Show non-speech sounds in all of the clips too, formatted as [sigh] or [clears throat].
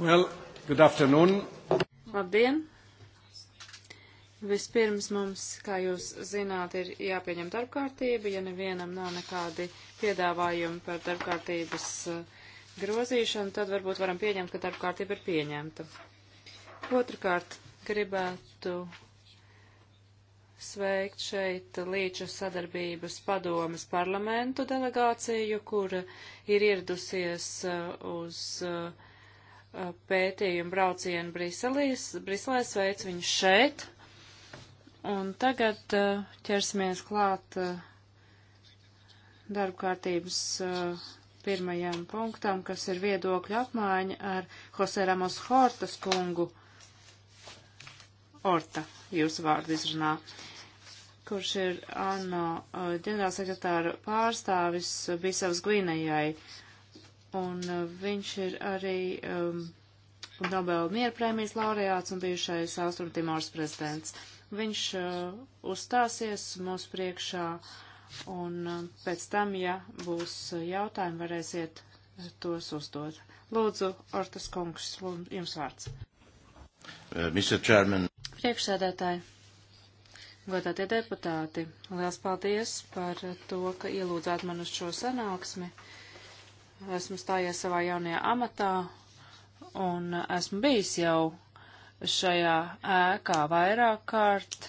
Well, good afternoon. Labdien! Vispirms mums, kā jūs zināt, ir jāpieņem darbkārtība, ja nevienam nav nekādi piedāvājumi par darbkārtības eh, grozīšanu, tad varbūt varam pieņemt, ka darbkārtība ir pieņemta. Otrakārt, gribētu sveikt šeit Līča sadarbības padomas parlamentu delegāciju, kur ir ieradusies eh, uz uh, Uh, pētījumu braucienu Briselē, sveicu viņu šeit. Un tagad uh, ķersimies klāt uh, darbkārtības pirmajam punktam, kas ir viedokļa apmaiņa ar Jose Ramos Hortas kungu. Orta, jūsu vārdu izrunā, kurš ir ANO ģenerālsekretāra pārstāvis Bisavas Gvinējai. Uh, un uh, viņš ir arī um, Nobela miera prēmijas laureāts un bijušais Austrumtimors prezidents. Viņš uh, uzstāsies mūsu priekšā, un uh, pēc tam, ja būs jautājumi, varēsiet uh, tos uzdot. Lūdzu, Ortas kungs, lūdzu, jums vārds. Uh, Priekšsēdētāji, godātie deputāti, liels paldies par to, ka ielūdzāt man uz šo sanāksmi. Uh, esmu stājies savā jaunajā amatā un esmu bijis jau šajā ēkā vairāk kārt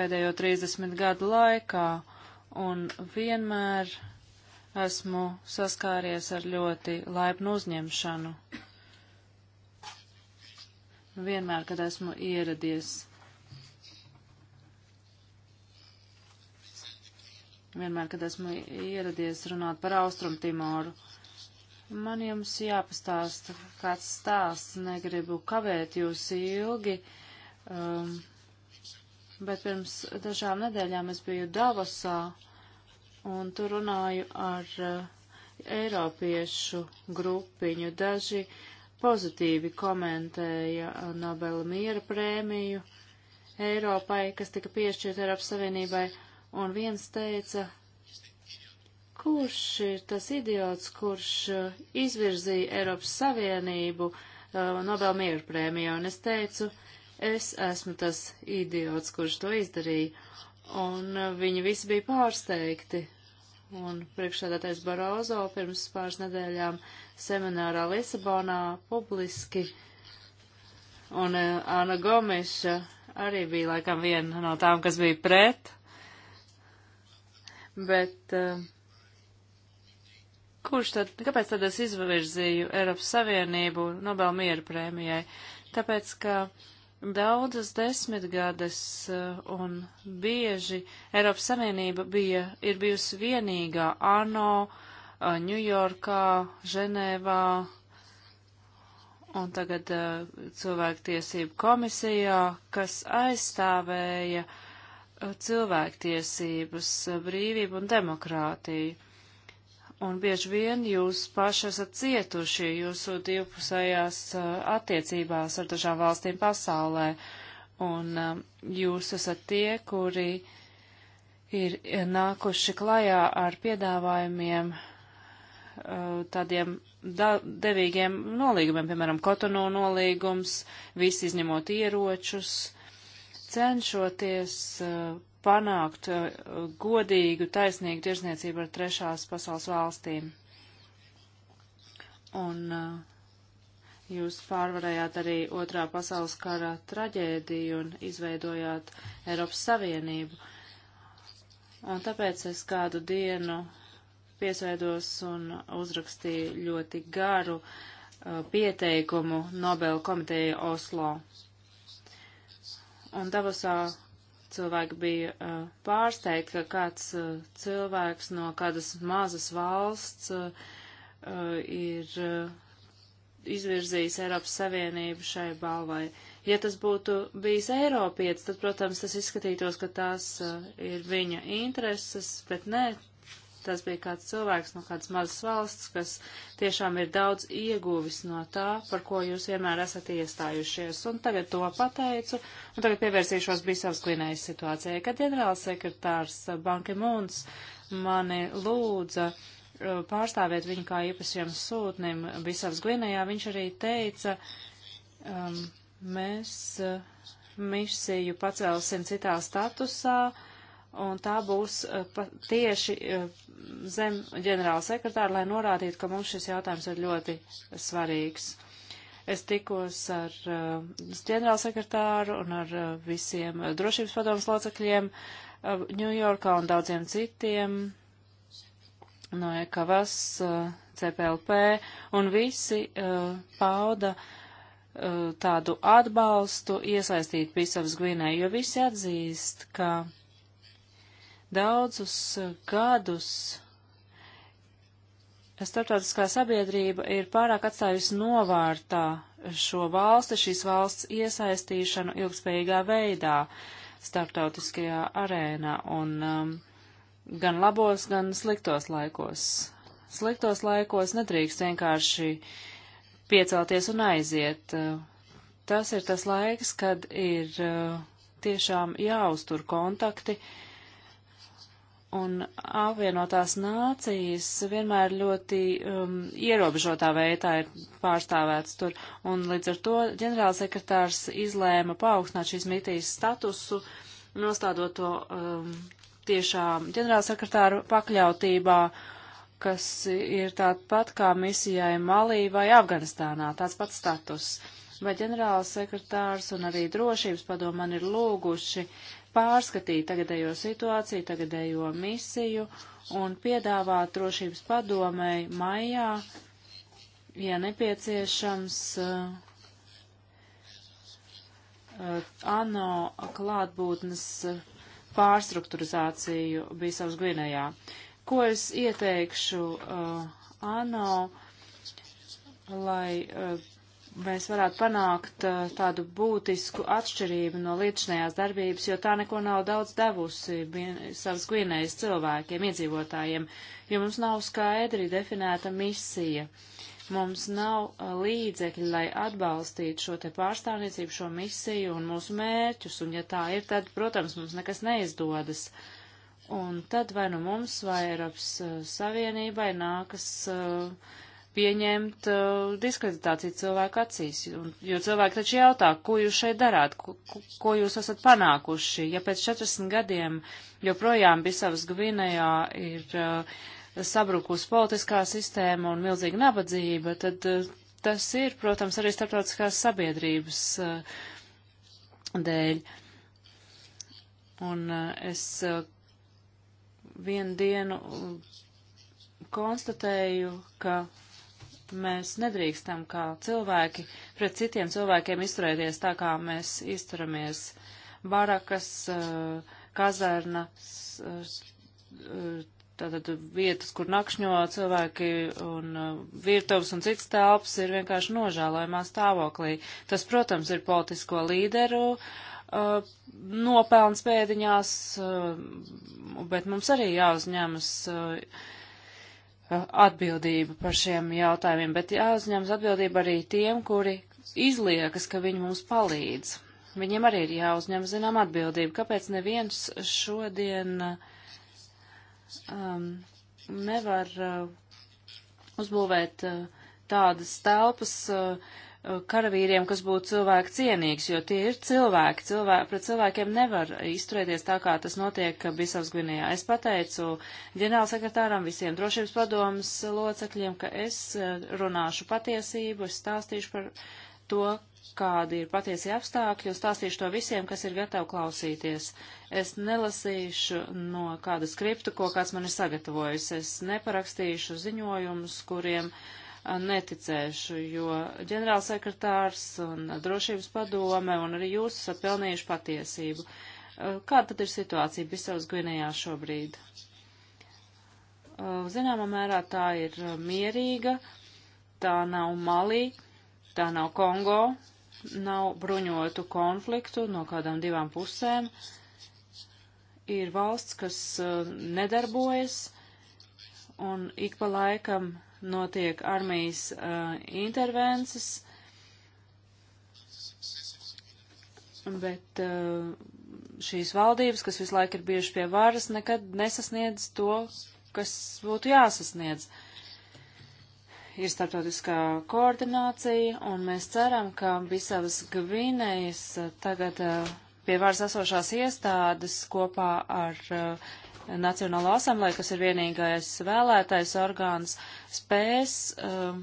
pēdējo 30 gadu laikā un vienmēr esmu saskāries ar ļoti laipnu uzņemšanu. Vienmēr, kad esmu ieradies vienmēr, kad esmu ieradies runāt par Austrumu Timoru. Man jums jāpastāsta kāds stāsts, negribu kavēt jūs ilgi, um, bet pirms dažām nedēļām es biju Davosā un tur runāju ar uh, Eiropiešu grupiņu. Daži pozitīvi komentēja Nobela miera prēmiju Eiropai, kas tika piešķirta Eiropas Savienībai. Uh, un viens teica, kurš ir tas idiots, kurš uh, izvirzīja Eiropas Savienību uh, Nobel mieru prēmiju, un es teicu, es esmu tas idiots, kurš to izdarīja, un uh, viņi visi bija pārsteigti, un priekšsēdētais Barozo pirms pāris nedēļām seminārā Lisabonā publiski, un Ana Gomeša arī bija laikam viena no tām, kas bija pret, bet uh, kurš tad, kāpēc tad es izvirzīju Eiropas Savienību Nobel mieru prēmijai? Tāpēc, ka daudzas desmitgades uh, un bieži Eiropas Savienība bija, ir bijusi vienīgā ANO, Ņujorkā, eh, uh, Ženēvā, un tagad cilvēktiesību komisijā, kas aizstāvēja uh, Eh, cilvēktiesības, eh, brīvību un demokrātiju. Un bieži vien jūs paši esat cietuši jūsu divpusējās eh, attiecībās ar dažām valstīm pasaulē, un jūs esat tie, kuri ir nākuši klajā ar piedāvājumiem tādiem devīgiem nolīgumiem, piemēram, Kotonu nolīgums, visi izņemot ieročus, cenšoties eh, panākt eh, godīgu, taisnīgu tirzniecību ar trešās pasaules valstīm. Un eh, jūs pārvarējāt arī otrā pasaules kara traģēdiju un izveidojāt Eiropas Savienību. Un tāpēc es kādu dienu piesaidos un uzrakstīju ļoti garu pieteikumu Nobel komiteja Oslo un Davosā cilvēki bija uh, pārsteigti, ka kāds uh, cilvēks no kādas mazas valsts uh, uh ir uh, izvirzījis Eiropas Savienību šai balvai. Ja tas būtu bijis Eiropietis, tad, protams, tas izskatītos, ka tās uh, ir viņa intereses, bet nē, Tas bija kāds cilvēks no kādas mazas valsts, kas tiešām ir daudz ieguvis no tā, par ko jūs vienmēr esat iestājušies. Un tagad to pateicu, un tagad pievērsīšos Bisavas klinējas situācijai, kad ģenerālsekretārs Banki Mūns mani lūdza uh, pārstāvēt viņu kā īpašiem sūtnim Bisavas Gvinējā, viņš arī teica, um, mēs uh, misiju pacelsim citā statusā, uh, un tā būs eh, tieši eh, zem ģenerāla sekretāra, lai norādītu, ka mums šis jautājums ir ļoti svarīgs. Es tikos ar eh, ģenerāla sekretāru un ar visiem drošības padomas locekļiem Ņujorkā un daudziem citiem no EKVAS, CPLP, un visi pauda tādu atbalstu iesaistīt Pisavas Gvinē, jo visi atzīst, ka Daudzus eh, gadus starptautiskā sabiedrība ir pārāk atstājusi novārtā šo valsti, šīs valsts iesaistīšanu ilgspējīgā veidā starptautiskajā arēnā un um, gan labos, gan sliktos laikos. Sliktos laikos nedrīkst vienkārši piecelties un aiziet. Tas ir tas laiks, kad ir uh, tiešām jāuztur kontakti, uh, un apvienotās nācijas vienmēr ļoti um, ierobežotā veidā ir pārstāvēts tur, un līdz ar to ģenerālsekretārs izlēma paaugstināt šīs mitīs statusu, nostādot to um, tiešām ģenerālsekretāru pakļautībā, kas ir tāpat kā misijai Malī vai Afganistānā, tāds pats status. Vai ģenerālsekretārs un arī drošības padomu man ir lūguši pārskatīt tagadējo situāciju, tagadējo misiju un piedāvāt drošības padomēji maijā, ja nepieciešams, uh, ANO klātbūtnes pārstrukturizāciju Bīsavas Gvinējā. Ko es ieteikšu uh, ANO, lai uh, mēs varētu panākt uh, tādu būtisku atšķirību no līdzinējās darbības, jo tā neko nav daudz devusi savas Gvinējas cilvēkiem, iedzīvotājiem, jo mums nav skaidri definēta misija. Mums nav uh, līdzekļi, lai atbalstītu šo te pārstāvniecību, šo misiju un mūsu mērķus, un ja tā ir, tad, protams, mums nekas neizdodas. Un tad vai nu mums, vai Eiropas uh, Savienībai nākas uh, pieņemt uh, diskreditāciju cilvēku acīs. Un, jo cilvēki taču jautā, ko jūs šeit darāt, ko, ko jūs esat panākuši. Ja pēc 40 gadiem joprojām Bisavas Gvinējā ir uh, sabrukus politiskā sistēma un milzīga nabadzība, tad uh, tas ir, protams, arī starptautiskās sabiedrības uh, dēļ. Un uh, es uh, vienu dienu uh, konstatēju, ka Mēs nedrīkstam kā cilvēki pret citiem cilvēkiem izturēties tā, kā mēs izturamies. Barakas, eh, kazarnas, eh, tātad vietas, kur nakšņo cilvēki un eh, virtuvas un cits telpas ir vienkārši nožēlojumā stāvoklī. Tas, protams, ir politisko līderu nopelns pēdiņās, bet mums arī jāuzņemas Eh, atbildību par šiem jautājumiem, bet jāuzņemas atbildība arī tiem, kuri izliekas, ka viņi mums palīdz. Viņiem arī ir jāuzņem zinām atbildību. Kāpēc neviens šodien eh, um, nevar uh, uzbūvēt uh, tādas telpas, uh, karavīriem, kas būtu cilvēku cienīgs, jo tie ir cilvēki. Cilvēki pret cilvēkiem nevar izturēties tā, kā tas notiek Bisavas Gvinijā. Es pateicu ģenerālsekretāram, visiem drošības padomas locekļiem, ka es eh, runāšu patiesību, es stāstīšu par to, kādi ir patiesie apstākļi, un stāstīšu to visiem, kas ir gatavi klausīties. Es nelasīšu no kāda skripta, ko kāds man ir sagatavojis. Es neparakstīšu ziņojumus, kuriem. Uh, neticēšu, jo ģenerālsekretārs un drošības padome un arī jūs esat pelnījuši patiesību. Uh, kāda tad ir situācija Bisavas Gvinējā šobrīd? Uh, zināmā mērā tā ir uh, mierīga, tā nav Malī, tā nav Kongo, nav bruņotu konfliktu no kādām divām pusēm. Ir valsts, kas nedarbojas, un ik pa laikam notiek armijas uh, intervences, bet uh, šīs valdības, kas visu laiku ir bijuši pie varas, nekad nesasniedz to, kas būtu jāsasniedz. Ir starptautiskā koordinācija, un mēs ceram, ka Bisavas Gvinējas uh, tagad uh, pie varas esošās iestādes kopā ar uh, Nacionālā asamblē, kas ir vienīgais vēlētais orgāns, spēs uh,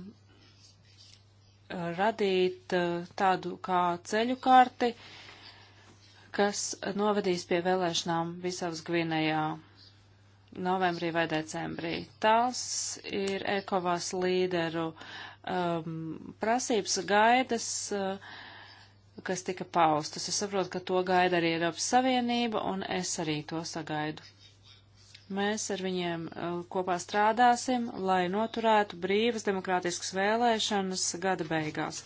radīt uh, tādu kā ceļu karti, kas novedīs pie vēlēšanām Bisavas Gvinējā novembrī vai decembrī. Tas ir Ekovas līderu um, prasības gaidas. Uh, kas tika paustas. Es saprotu, ka to gaida arī Eiropas Savienība, un es arī to sagaidu. Mēs ar viņiem uh, kopā strādāsim, lai noturētu brīvas demokrātiskas vēlēšanas gada beigās.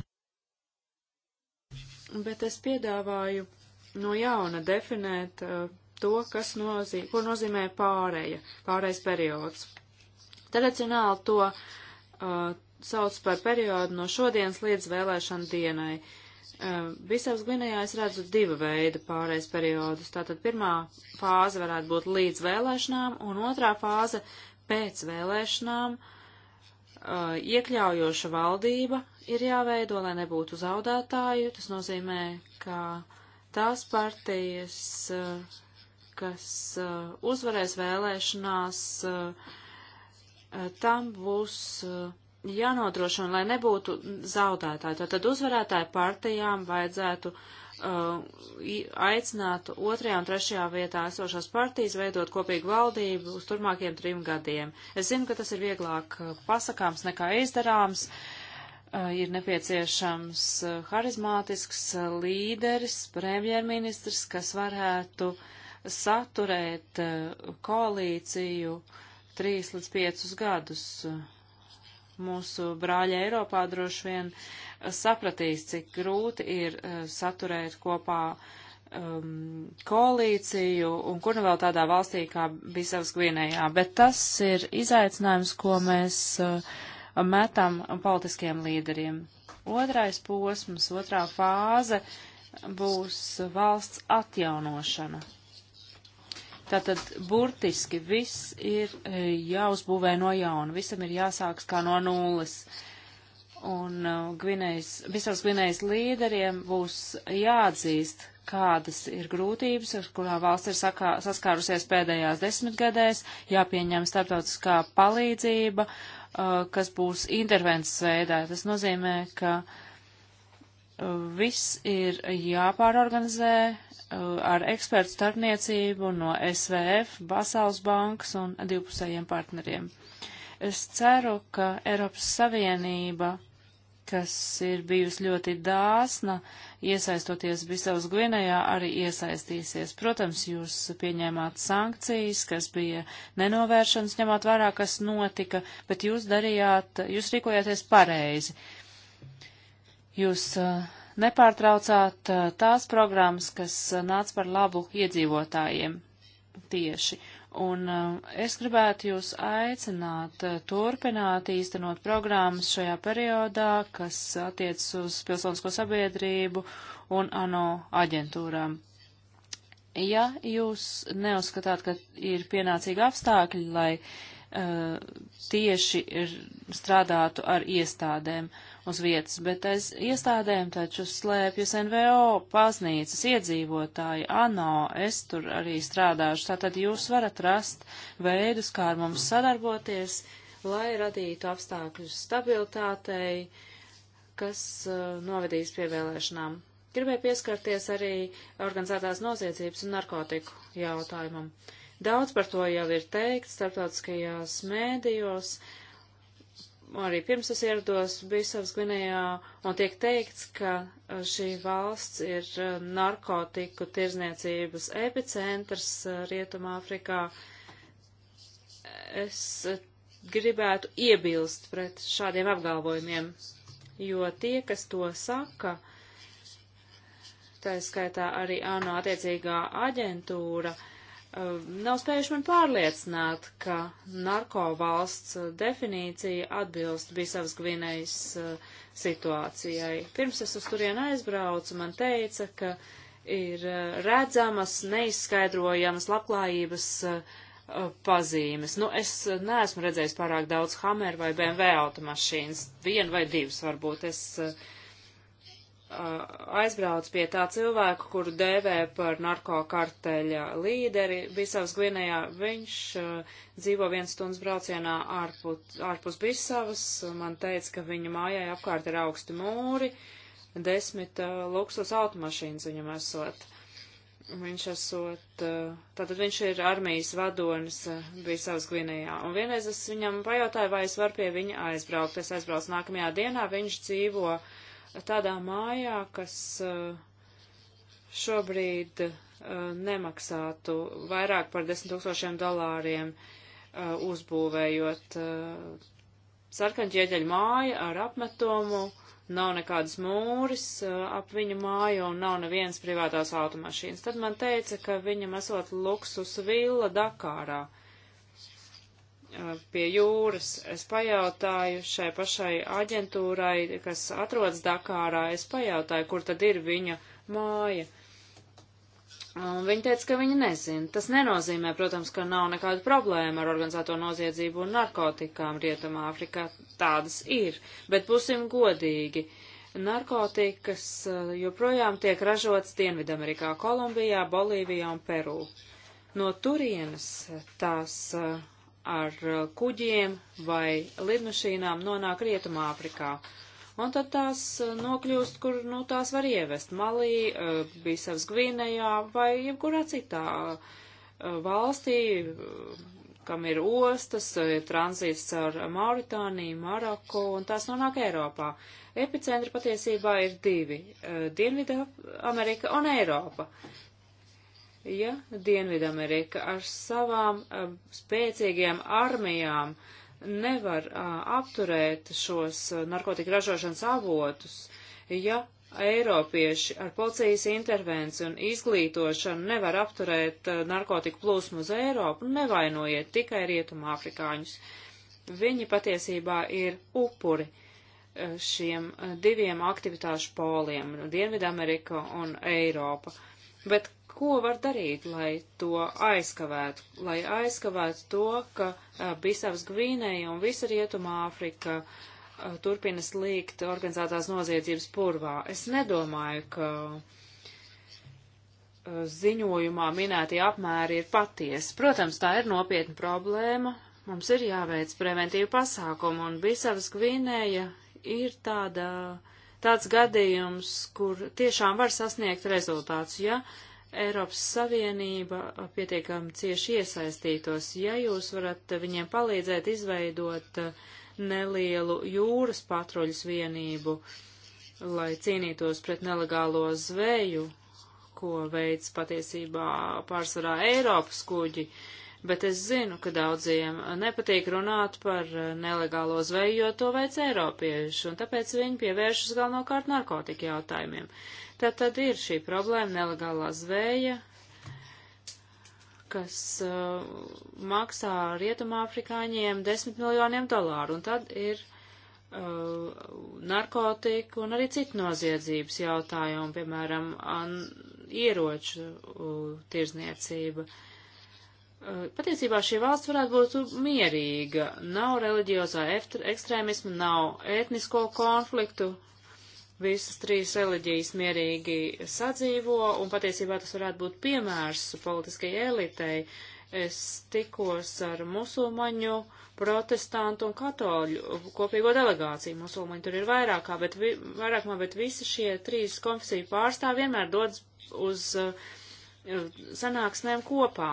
Bet es piedāvāju no jauna definēt uh, to, kas nozī, ko nozīmē pārēja, pārējais periods. Tradicionāli to uh, sauc par periodu no šodienas līdz vēlēšana dienai. Uh, Visās ehm, Gvinējā es redzu divu veidu pārējais periodus. Tātad pirmā fāze varētu būt līdz vēlēšanām, un otrā fāze pēc vēlēšanām ehm, iekļaujoša valdība ir jāveido, lai nebūtu zaudētāju. Tas nozīmē, ka tās partijas, ehm, kas uzvarēs vēlēšanās, tam būs uh, jānodrošina, lai nebūtu zaudētāji. Tātad uzvarētāju partijām vajadzētu uh, aicināt otrajā un trešajā vietā esošās partijas veidot kopīgu valdību uz turmākiem trim gadiem. Es zinu, ka tas ir vieglāk uh, pasakāms nekā izdarāms. Uh, ir nepieciešams uh, harizmātisks uh, līderis, premjerministrs, kas varētu saturēt uh, koalīciju trīs līdz piecus gadus. Uh, mūsu brāļi Eiropā droši vien uh, sapratīs, cik grūti ir uh, saturēt kopā um, koalīciju un kur nu vēl tādā valstī kā Bisavas Gvinējā. Bet tas ir izaicinājums, ko mēs uh, metam politiskiem līderiem. Otrais posms, otrā fāze būs valsts atjaunošana. Tātad burtiski viss ir e, jāuzbūvē no jauna, visam ir jāsāks kā no nulles. Un e, gvinējas, visos gvinējas līderiem būs jāatzīst, kādas ir grūtības, ar kurām valsts ir sakā, saskārusies pēdējās desmitgadēs, jāpieņem starptautiskā palīdzība, e, kas būs intervences veidā. Tas nozīmē, ka uh, viss ir jāpārorganizē uh, ar ekspertu starpniecību no SVF, Pasaules bankas un divpusējiem partneriem. Es ceru, ka Eiropas Savienība, kas ir bijusi ļoti dāsna, iesaistoties Bisavas Gvinējā, arī iesaistīsies. Protams, jūs pieņēmāt sankcijas, kas bija nenovēršanas, ņemot vairāk, kas notika, bet jūs darījāt, jūs rīkojāties pareizi. Uh, Jūs nepārtraucāt tās programmas, kas nāca par labu iedzīvotājiem tieši. Un es gribētu jūs aicināt turpināt īstenot programmas šajā periodā, kas attiecas uz pilsonisko sabiedrību un ANO aģentūrām ja jūs neuzskatāt, ka ir pienācīgi apstākļi, lai uh, tieši strādātu ar iestādēm uz vietas, bet aiz iestādēm taču slēpjas NVO, paznīcas, iedzīvotāji, ANO, es tur arī strādāšu, tātad jūs varat rast veidus, kā ar mums sadarboties, lai radītu apstākļus stabilitātei, kas uh, novedīs pie vēlēšanām. Gribēju pieskarties arī organizētās noziedzības un narkotiku jautājumam. Daudz par to jau ir teikts starptautiskajās mēdījos, uh, arī pirms es ierados Bisavas Gvinējā, un tiek teikts, ka uh, šī valsts ir uh, narkotiku tirzniecības epicentrs uh, Rietumāfrikā. Es gribētu iebilst pret šādiem apgalvojumiem, jo tie, kas to saka, tā skaitā arī ANO attiecīgā aģentūra, uh, Um, nav spējuši man pārliecināt, ka narko valsts uh, definīcija atbilst Bisavas Gvinējas uh, situācijai. Pirms es uz turienu aizbraucu, man teica, ka ir uh, redzamas, neizskaidrojamas labklājības pazīmes. Nu, es neesmu redzējis pārāk daudz Hammer vai BMW automašīnas, vienu vai divas varbūt. Es uh, aizbrauc pie tā cilvēka, kuru dēvē par narkokarteļa līderi Bisavas Gvinējā. Viņš dzīvo viens stundas braucienā ārpus, ārpus Bisavas. Man teica, ka viņa mājai apkārt ir augsti mūri, desmit uh, luksus automašīnas viņam esot. Viņš esot, uh, tātad viņš ir armijas vadonis uh, Bisavas Gvinējā. Un vienreiz es viņam pajautāju, vai es varu pie viņa aizbraukt. Es aizbraucu nākamajā dienā, viņš dzīvo uh, tādā mājā, kas eh, šobrīd eh, nemaksātu vairāk par 10 tūkstošiem dolāriem eh, uzbūvējot sarkanķieģeļu māja ar apmetumu, nav nekādas mūris ap viņu māju un nav nevienas privātās automašīnas. Tad man teica, ka viņam esot luksus villa Dakārā. Uh, Uh, pie jūras. Es pajautāju šai pašai aģentūrai, kas atrodas Dakārā, es pajautāju, kur tad ir viņa māja. Un viņa teica, ka viņa nezina. Tas nenozīmē, protams, ka nav nekāda problēma ar organizēto noziedzību un narkotikām Rietumā Afrikā. Tādas ir. Bet būsim godīgi. Narkotikas uh, joprojām tiek ražotas Dienvidamerikā, Kolumbijā, Bolīvijā un Peru. No turienes tās uh, ar uh, kuģiem vai lidmašīnām nonāk Rietumā Afrikā. Un tad tās uh, nokļūst, kur nu, tās var ievest Malī, uh, Bisavas Gvinējā vai jebkurā citā valstī, kam ir ostas, ir tranzīts caur Mauritāniju, Maroku, un tās nonāk Eiropā. Epicentri patiesībā ir divi - Dienvidā Amerika un Eiropa ja Dienvidamerika ar savām uh, spēcīgajām armijām nevar uh, apturēt šos uh, narkotika ražošanas avotus, ja Eiropieši ar policijas intervenciju un izglītošanu nevar apturēt uh, narkotiku plūsmu uz Eiropu, nevainojiet tikai rietumu afrikāņus. Viņi patiesībā ir upuri uh, šiem uh, diviem aktivitāšu poliem - Dienvidamerika un Eiropa. Bet ko var darīt, lai to aizkavētu, lai aizkavētu to, ka Bisavs Gvīnēja un visa Rietuma Āfrika turpina slīgt organizētās noziedzības purvā. Es nedomāju, ka ziņojumā minētie apmēri ir patiesi. Protams, tā ir nopietna problēma. Mums ir jāveic preventīvu pasākumu, un Bisavas Gvinēja ir tāda, tāds gadījums, kur tiešām var sasniegt rezultāts, ja Eiropas Savienība pietiekami cieši iesaistītos. Ja jūs varat viņiem palīdzēt izveidot eh, nelielu jūras patruļas vienību, lai cīnītos pret nelegālo zveju, ko veids patiesībā pārsvarā Eiropas kuģi, bet es zinu, ka daudziem nepatīk runāt par eh, nelegālo zveju, jo to veids Eiropieši, un tāpēc viņi pievēršas galvenokārt narkotika jautājumiem. Uh, Tad, tad ir šī problēma nelegālā zvēja, kas uh, maksā rietumāfrikāņiem 10 miljoniem dolāru, un tad ir uh, narkotiku un arī citu noziedzības jautājumu, piemēram, an, ieroču uh, tirzniecība. Uh, patiesībā šī valsts varētu būt mierīga. Nav reliģiozā ekstrēmisma, nav etnisko konfliktu, visas trīs reliģijas mierīgi sadzīvo, un patiesībā tas varētu būt piemērs politiskajai elitei. Es tikos ar musulmaņu, protestantu un katoļu kopīgo delegāciju. Musulmaņi tur ir vairākā, bet, vi, vairākumā, bet visi šie trīs konfesiju pārstāvi vienmēr dodas uz uh, sanāksmēm kopā.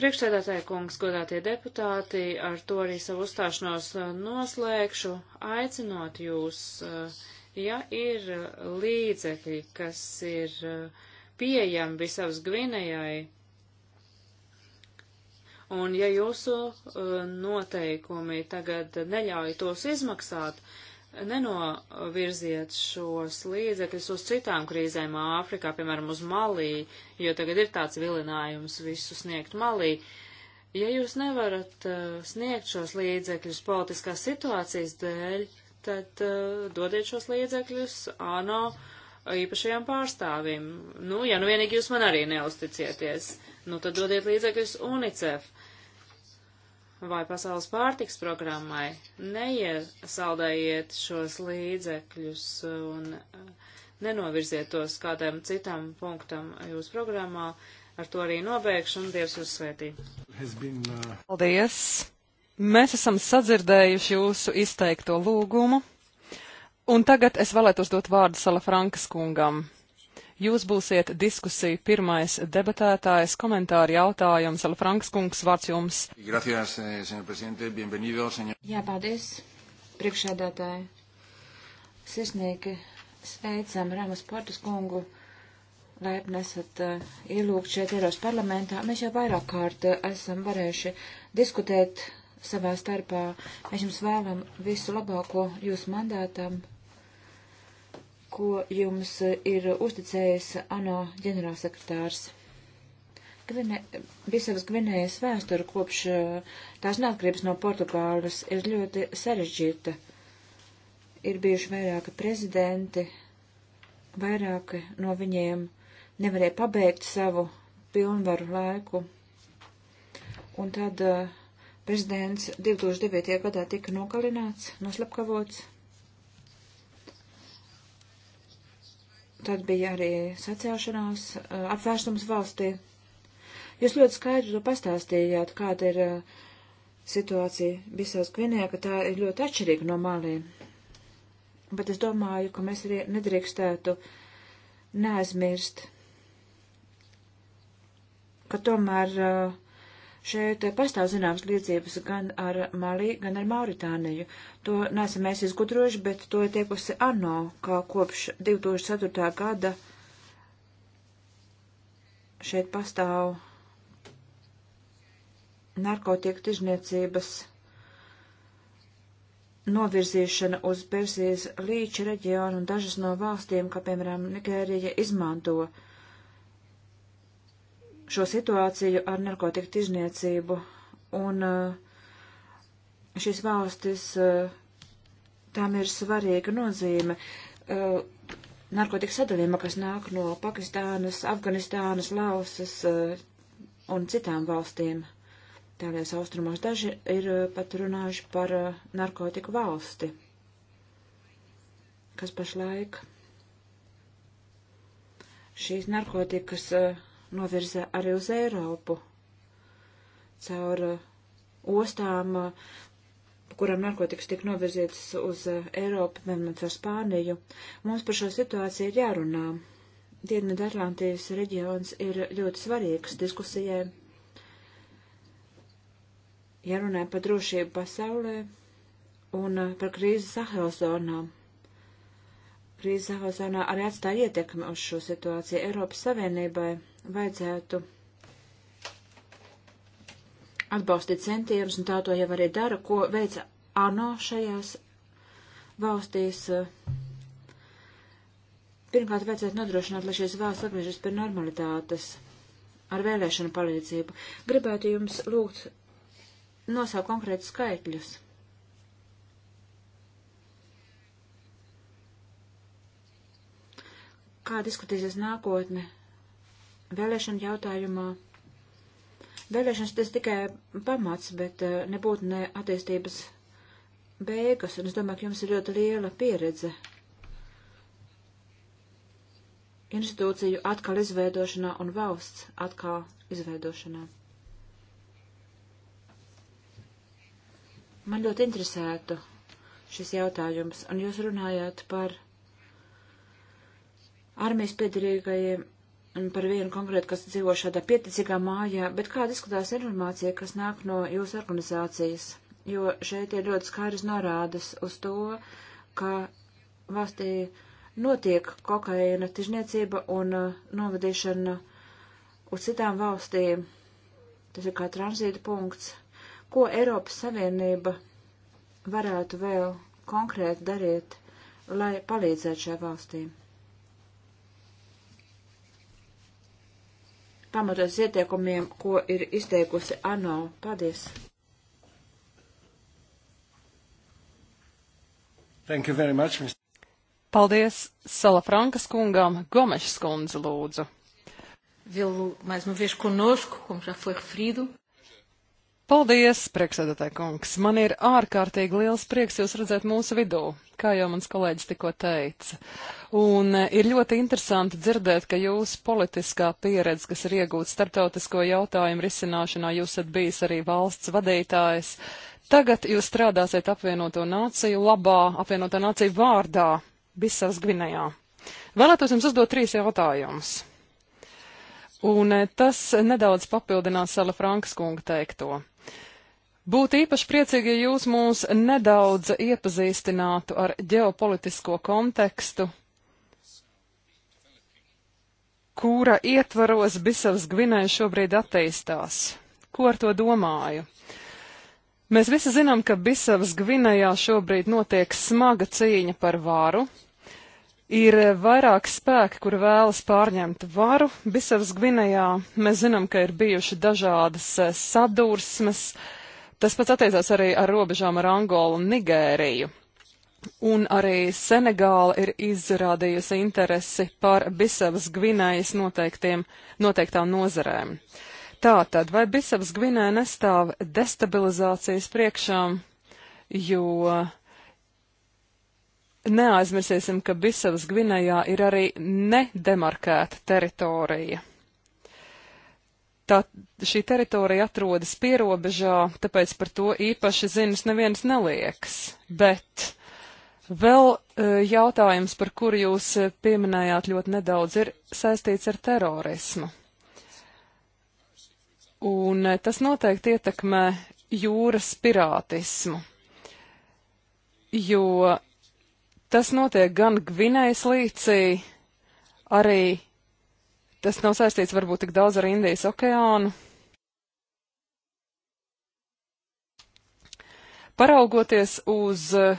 Priekšsēdētāji kungs, godātie deputāti, ar to arī savu uzstāšanos eh, noslēgšu, aicinot jūs uh, Ja ir uh, līdzekļi, kas ir uh, pieejami visavas Gvinējai, un ja jūsu uh, noteikumi tagad neļauj tos izmaksāt, nenovirziet šos līdzekļus uz citām krīzēm Āfrikā, piemēram, uz Malī, jo tagad ir tāds vilinājums visu sniegt Malī. Ja jūs nevarat uh, sniegt šos līdzekļus politiskās situācijas dēļ, tad uh, dodiet šos līdzekļus ANO īpašajam pārstāvim. Nu, ja nu vienīgi jūs man arī neusticieties, nu tad dodiet līdzekļus UNICEF vai Pasaules pārtiks programmai. Neiesaldējiet šos līdzekļus un eh, nenovirziet tos kādam citam punktam jūsu programmā. Ar to arī nobeigšu un Dievs uzsvētī. Been, uh... Paldies! Mēs esam sadzirdējuši jūsu izteikto lūgumu, un tagad es vēlētos dot vārdu Sala Frankas kungam. Jūs būsiet diskusiju pirmais debatētājs, komentāri jautājums, Sala Frankas kungs, vārds jums. Gracias, eh, señor... Jā, paldies, priekšēdētāji. Sirsnieki, sveicam Rāmas Portas kungu, laipni esat uh, ielūgt šeit Eiros parlamentā. Mēs jau vairāk kārt uh, esam varējuši diskutēt savā starpā. Mēs jums vēlam visu labāko jūsu mandātam, ko jums ir uzticējis ANO ģenerālsekretārs. Gvine, Bisavas Gvinējas vēsture kopš eh, tās neatkarības no Portugāles ir ļoti sarežģīta. Ir bijuši vairāki prezidenti, vairāki no viņiem nevarēja pabeigt savu pilnvaru laiku. Un tad uh, Prezidents 2009. gadā tika nokalināts, noslapkavots. Tad bija arī sacēšanās, apvērstums valstī. Jūs ļoti skaidri to pastāstījāt, kāda ir situācija visās Gvinējā, ka tā ir ļoti atšķirīga no Malī. Bet es domāju, ka mēs arī nedrīkstētu neaizmirst, ka tomēr uh, Šeit pastāv zināmas liecības gan ar Malī, gan ar Mauritāniju. To nesam mēs izgudrojuši, bet to ir tiekusi ANO, kā kopš 2004. gada šeit pastāv narkotiku tirzniecības novirzīšana uz Persijas līča reģionu un dažas no valstīm, kā piemēram Nigērija, izmanto uh, šo situāciju ar narkotiku tirzniecību, un eh, šīs valstis, eh, tām ir svarīga nozīme eh, narkotiku sadalījuma, kas nāk no Pakistānas, Afganistānas, Lausas un citām valstīm. Tālēs austrumos daži ir pat runājuši par narkotiku valsti, kas pašlaik šīs narkotikas uh, novirza arī uz Eiropu caur uh, ostām, uh, kurām narkotikas tika novirzītas uz uh, Eiropu, piemēram, caur Spāniju. Mums par šo situāciju ir jārunā. Dienvidu Atlantijas reģions ir ļoti svarīgs diskusijai. Jārunā par drošību pasaulē un par krīzi Sahelas zonā. Krīze Sahelas zonā arī atstāja ietekmi uz šo situāciju Eiropas Savienībai vajadzētu atbalstīt centienus, un tā to jau arī dara, ko veica ANO šajās valstīs. Pirmkārt, vajadzētu nodrošināt, lai šīs valsts atgriežas pie normalitātes ar vēlēšanu palīdzību. Gribētu jums lūgt nosaukt konkrētus skaitļus. Kā diskutēsies nākotne Vēlēšana jautājumā. Vēlēšanas tas tikai pamats, bet eh, nebūtu ne attīstības beigas, un es domāju, ka jums ir ļoti liela pieredze institūciju atkal izveidošanā un valsts atkal izveidošanā. Man ļoti interesētu šis jautājums, un jūs runājāt par armijas piedarīgajiem par vienu konkrētu, kas dzīvo šādā pieticīgā mājā, bet kāda izskatās informācija, kas nāk no jūsu organizācijas? Jo šeit ir ļoti skaidrs norādes uz to, ka valstī notiek kokaina tirzniecība un uh, novadīšana uz citām valstīm. Tas ir kā tranzīta punkts. Ko Eiropas Savienība varētu vēl konkrēti darīt, lai palīdzētu šai valstīm? pamatojas ieteikumiem, ko ir izteikusi ANO. Paldies! Thank you very much, Mr. Paldies Salafrankas kungam, Gomešs kundze lūdzu. Vilu mais uma vez conosco, como já foi referido. Paldies, priekšsēdētāji kungs! Man ir ārkārtīgi liels prieks jūs redzēt mūsu vidū, kā jau mans kolēģis tikko teica. Un e, ir ļoti interesanti dzirdēt, ka jūsu politiskā pieredze, kas ir iegūta starptautisko jautājumu risināšanā, jūs esat bijis arī valsts vadītājs. Tagad jūs strādāsiet apvienoto nāciju labā, apvienoto nāciju vārdā, visās Gvinējā. Vēlētos jums uzdot trīs jautājumus. Un e, tas nedaudz papildinās Sala Frankas kunga teikto. Būtu īpaši priecīgi, ja jūs mūs nedaudz iepazīstinātu ar ģeopolitisko kontekstu, kura ietvaros Bisavas Gvinēja šobrīd attīstās. Ko ar to domāju? Mēs visi zinām, ka Bisavas Gvinējā šobrīd notiek smaga cīņa par varu. Ir vairāk spēki, kur vēlas pārņemt varu Bisavas Gvinējā. Mēs zinām, ka ir bijuši dažādas eh, sadursmes, Tas pats attiecās arī ar robežām ar Angolu un Nigēriju. Un arī Senegāla ir izrādījusi interesi par Bisavas Gvinējas noteiktām nozarēm. Tātad, vai Bisavas Gvinē nestāv destabilizācijas priekšām, jo neaizmirsīsim, ka Bisavas Gvinējā ir arī nedemarkēta teritorija. Tā šī teritorija atrodas pierobežā, tāpēc par to īpaši zinas neviens neliekas. Bet vēl e, jautājums, par kuru jūs e, pieminējāt ļoti nedaudz, ir saistīts ar terorismu. Un e, tas noteikti ietekmē jūras pirātismu, jo tas notiek gan Gvinējas līcī, arī Tas nav saistīts varbūt tik daudz ar Indijas okeānu. Paraugoties uz eh,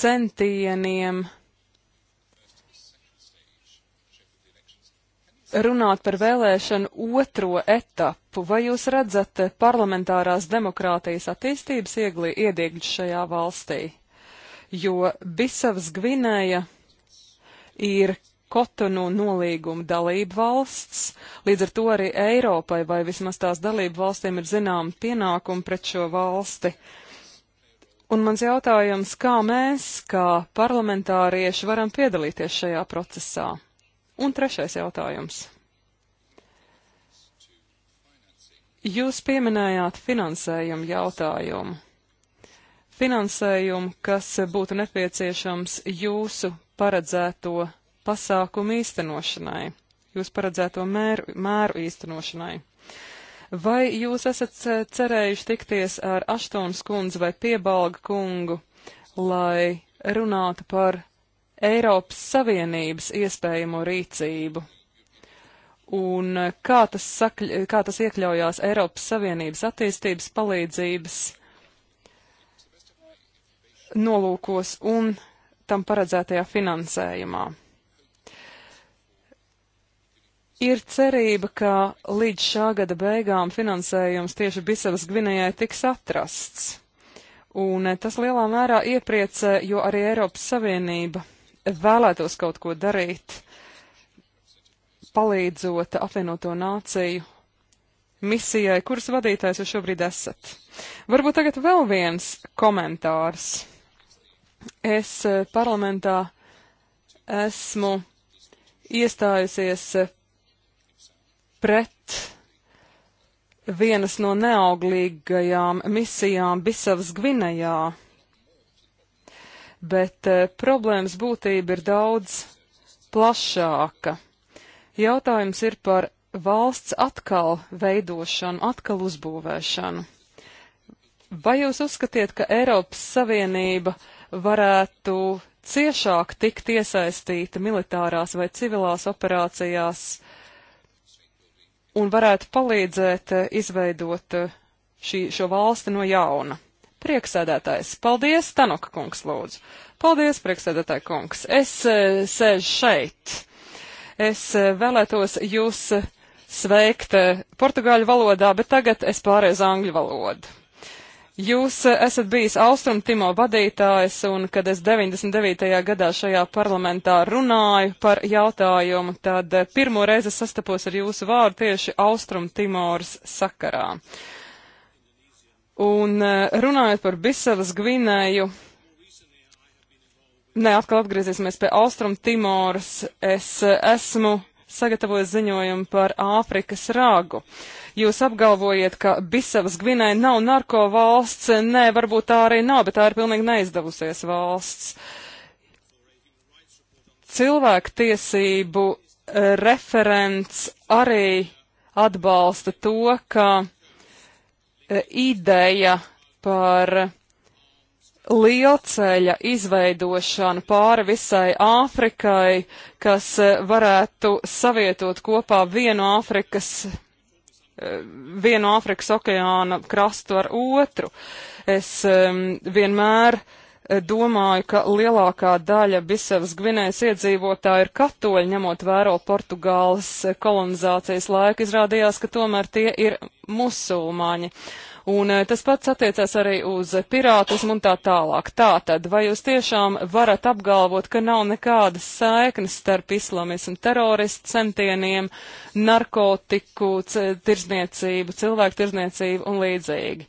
centieniem runāt par vēlēšanu otro etapu, vai jūs redzat eh, parlamentārās demokrātijas attīstības iegli iediegļus šajā valstī? Jo Bisavs Gvinēja ir Kotonu nolīguma dalību valsts, līdz ar to arī Eiropai vai vismaz tās dalību valstīm ir zināma pienākuma pret šo valsti. Un mans jautājums, kā mēs, kā parlamentārieši, varam piedalīties šajā procesā? Un trešais jautājums. Jūs pieminējāt finansējumu jautājumu finansējumu, kas būtu nepieciešams jūsu paredzēto pasākumu īstenošanai, jūs paredzēto mēru, mēru īstenošanai. Vai jūs esat cerējuši tikties ar Aštons kundzi vai Piebalga kungu, lai runātu par Eiropas Savienības iespējamo rīcību? Un kā tas, sakļ, kā tas iekļaujās Eiropas Savienības attīstības palīdzības nolūkos un tam paredzētajā finansējumā? Ir cerība, ka līdz šā gada beigām finansējums tieši Bisavas Gvinējai tiks atrasts. Un eh, tas lielā mērā iepriecē, jo arī Eiropas Savienība vēlētos kaut ko darīt, palīdzot apvienoto nāciju misijai, kuras vadītājs jūs šobrīd esat. Varbūt tagad vēl viens komentārs. Es eh, parlamentā esmu iestājusies pret vienas no neauglīgajām misijām Bisavas Gvinējā. Bet e, problēmas būtība ir daudz plašāka. Jautājums ir par valsts atkal veidošanu, atkal uzbūvēšanu. Vai jūs uzskatiet, ka Eiropas Savienība varētu ciešāk tikt iesaistīta militārās vai civilās operācijās un varētu palīdzēt eh, izveidot eh, šī, šo valsti no jauna. Prieksēdētājs, paldies, Tanoka kungs, lūdzu. Paldies, prieksēdētāja kungs. Es eh, sēžu šeit. Es vēlētos jūs sveikt portugāļu valodā, bet tagad es pārēju uz angļu valodu. Jūs eh, esat bijis Austrum Timo vadītājs, un kad es 99. gadā šajā parlamentā runāju par jautājumu, tad eh, pirmo reizi sastapos ar jūsu vārdu tieši Austrum Timors sakarā. Un eh, runājot par Bisavas Gvinēju, Nē, atkal atgriezīsimies pie Austrum Timoras. Es esmu sagatavojis ziņojumu par Āfrikas ragu. Jūs apgalvojat, ka Bisavas Gvinai nav narko valsts, nē, varbūt tā arī nav, bet tā ir pilnīgi neizdevusies valsts. Cilvēku tiesību referents arī atbalsta to, ka e, ideja par lielceļa izveidošanu pāri visai Āfrikai, kas eh, varētu savietot kopā vienu Āfrikas, eh, vienu Āfrikas okeāna krastu ar otru. Es ehm, vienmēr eh, domāju, ka lielākā daļa Bisavas Gvinējas iedzīvotāji ir katoļi, ņemot vēro Portugāles kolonizācijas laiku, izrādījās, ka tomēr tie ir musulmaņi. Uh, Un eh, tas pats attiecās arī uz pirātismu un tā tālāk. Tātad, vai jūs tiešām varat apgalvot, ka nav nekādas saiknes starp islamismu teroristu centieniem, narkotiku tirzniecību, cilvēku tirzniecību un līdzīgi?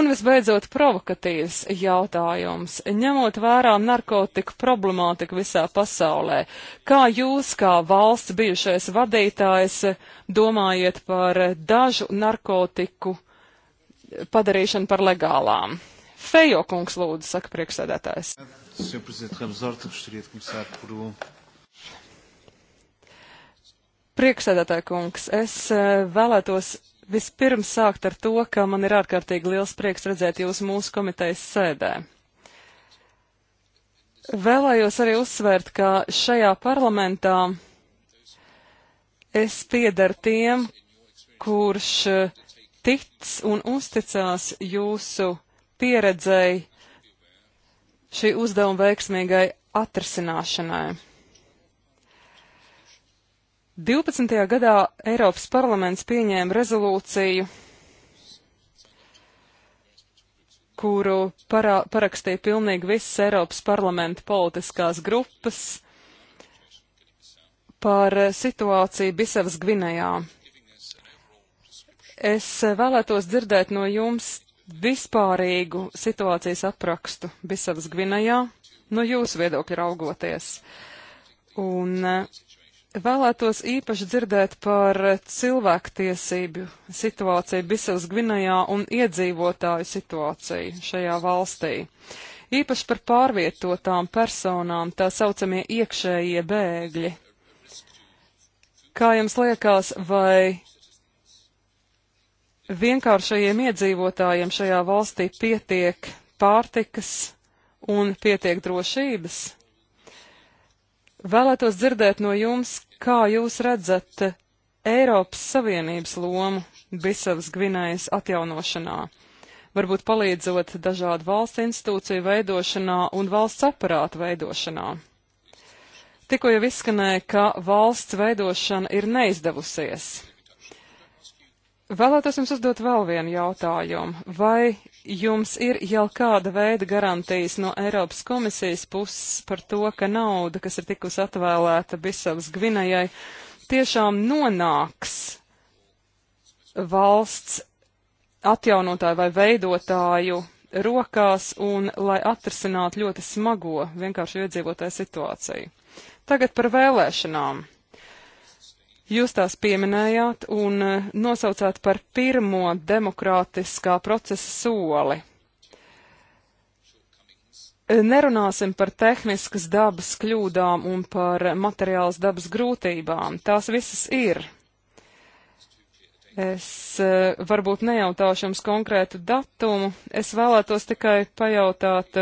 Un visbeidzot, provokatīvs jautājums. Ņemot vērā narkotiku problemātiku visā pasaulē, kā jūs, kā valsts bijušais vadītājs, domājiet par dažu narkotiku padarīšanu par legālām. Fejo kungs lūdzu, saka priekšsēdētājs. Um- Priekšsēdētāja kungs, es eh, vēlētos vispirms sākt ar to, ka man ir ārkārtīgi liels prieks redzēt jūs mūsu komitejas sēdē. Vēlējos arī uzsvērt, ka šajā parlamentā es piedaru tiem, kurš uh, tic un uzticās jūsu pieredzēji šī uzdevuma veiksmīgai atrasināšanai. 12. gadā Eiropas parlaments pieņēma rezolūciju, kuru parā, parakstīja pilnīgi visas Eiropas parlamenta politiskās grupas par situāciju Bisavas Gvinējā. Es vēlētos dzirdēt no jums vispārīgu situācijas aprakstu Bisavas Gvinajā, no jūsu viedokļa raugoties. Un eh, vēlētos īpaši dzirdēt par cilvēktiesību situāciju Bisavas Gvinajā un iedzīvotāju situāciju šajā valstī. Īpaši par pārvietotām personām, tā saucamie iekšējie bēgļi. Kā jums liekas, vai vienkāršajiem iedzīvotājiem šajā valstī pietiek pārtikas un pietiek drošības? Vēlētos dzirdēt no jums, kā jūs redzat Eiropas Savienības lomu Bisavas Gvinējas atjaunošanā, varbūt palīdzot dažādu valsts institūciju veidošanā un valsts aparātu veidošanā. Tikko jau izskanēja, ka valsts veidošana ir neizdevusies. Vēlētos jums uzdot vēl vienu jautājumu. Vai jums ir jau kāda veida garantijas no Eiropas komisijas puses par to, ka nauda, kas ir tikusi atvēlēta Bisavas Gvinajai, tiešām nonāks valsts atjaunotāju vai veidotāju rokās un lai atrisinātu ļoti smago vienkārši iedzīvotāju situāciju. Tagad par vēlēšanām. Jūs tās pieminējāt un eh, nosaucāt par pirmo demokrātiskā procesa soli. Eh, nerunāsim par tehniskas dabas kļūdām un par materiālas dabas grūtībām. Tās visas ir. Es eh, varbūt nejautāšu jums konkrētu datumu. Es vēlētos tikai pajautāt,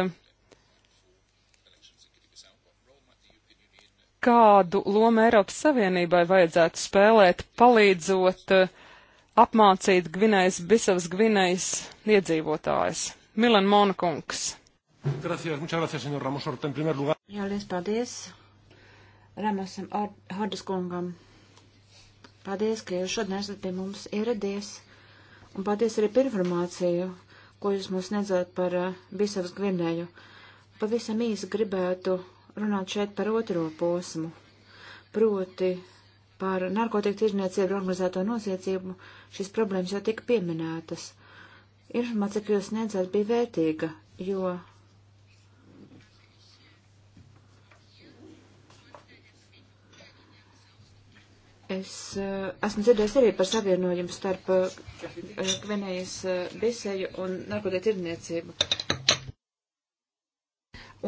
kādu lomu Eiropas Savienībai vajadzētu spēlēt, palīdzot eh, apmācīt Gvinējas, Bisavas Gvinējas iedzīvotājus. Milan Monkungs. Gracias, muchas gracias, señor Ramos Horta, en primer lugar. Jā, liels paldies Ramosam Hordas kungam. Paldies, ka jūs šodien esat pie mums ieradies. Un paldies arī par informāciju, ko jūs mums nedzat par uh, Bisavas Gvinēju. Pavisam īsi gribētu runāt šeit par otro posmu, proti par narkotiku tirzniecību un organizēto nosiecību, šīs problēmas jau tika pieminētas. Informācija, ko jūs sniedzāt, bija vērtīga, jo Es uh, esmu dzirdējis arī par savienojumu starp uh, Gvinējas uh, biseju un narkotiku tirdzniecību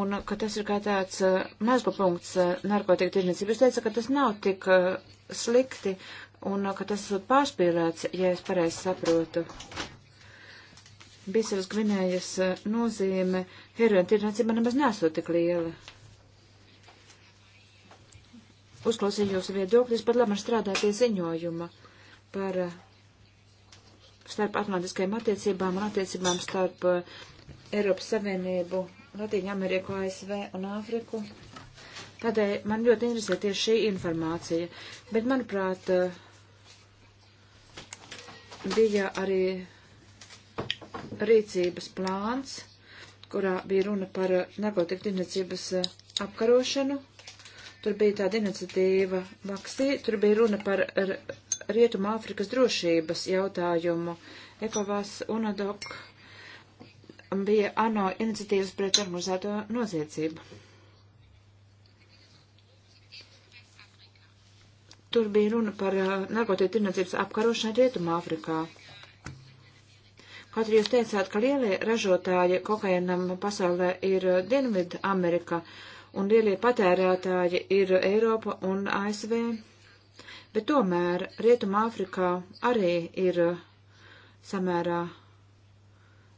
un ka tas ir kā tāds eh, mēslu punkts eh, narkotika tirdzniecība. Es teicu, ka tas nav tik eh, slikti un ka tas pārspīlēts, ja es pareizi saprotu. Biseras gvinējas nozīme heroīna tirdzniecība nemaz nesot tik liela. Uzklausīju jūsu viedokļus, pat labi strādā pie ziņojuma par starp atlantiskajām attiecībām un attiecībām starp Eiropas Savienību Latīņu Ameriku, ASV un Āfriku. Tādēļ man ļoti interesē tieši šī informācija. Bet, manuprāt, bija arī rīcības plāns, kurā bija runa par narkotiku tirdzniecības apkarošanu. Tur bija tāda iniciatīva Vaksī, tur bija runa par Rietumu Āfrikas drošības jautājumu, ECOVAS, UNADOK bija ANO iniciatīvas pret organizēto noziedzību. Tur bija runa par uh, narkotiku tirnācības apkarošanu Rietumāfrikā. Kaut arī jūs teicāt, ka lielie ražotāji kokainam pasaulē ir uh, Dienvidu Amerika un lielie patērētāji ir Eiropa un ASV, bet tomēr Rietumāfrikā arī ir uh, samērā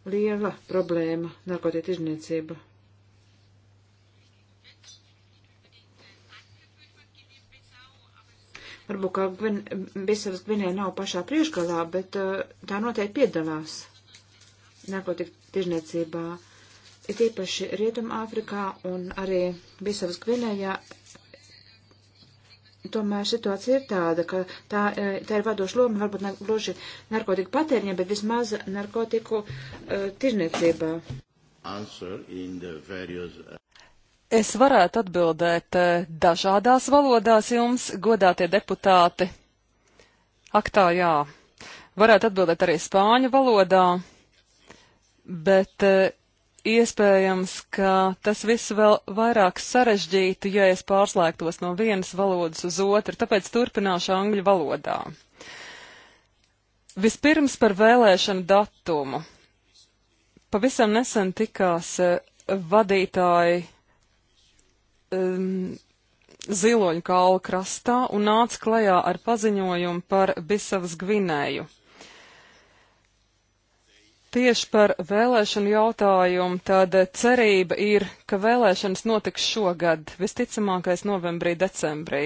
liela problēma narkotiku izniecība. Varbūt kā Gvin, Bisavas Gvinē nav pašā priekšgalā, bet uh, tā noteikti piedalās narkotiku tirzniecībā. Ir tīpaši Rietumāfrikā un arī Bisavas Gvinējā Tomēr situācija ir tāda, ka tā, e, tā ir vadoša loma varbūt ne gluži narkotiku patēriņā, bet vismaz narkotiku uh, e, tirniecībā. Various... E, es varētu atbildēt dažādās valodās jums, godātie deputāti. Ak tā, jā. Varētu atbildēt arī spāņu valodā, bet Iespējams, ka tas viss vēl vairāk sarežģītu, ja es pārslēgtos no vienas valodas uz otru, tāpēc turpināšu angļu valodā. Vispirms par vēlēšanu datumu. Pavisam nesen tikās eh, vadītāji um, Ziloņu kalna krastā un nāca klajā ar paziņojumu par Bisavas Gvinēju. Tieši par vēlēšanu jautājumu tad cerība ir, ka vēlēšanas notiks šogad, visticamākais novembrī, decembrī.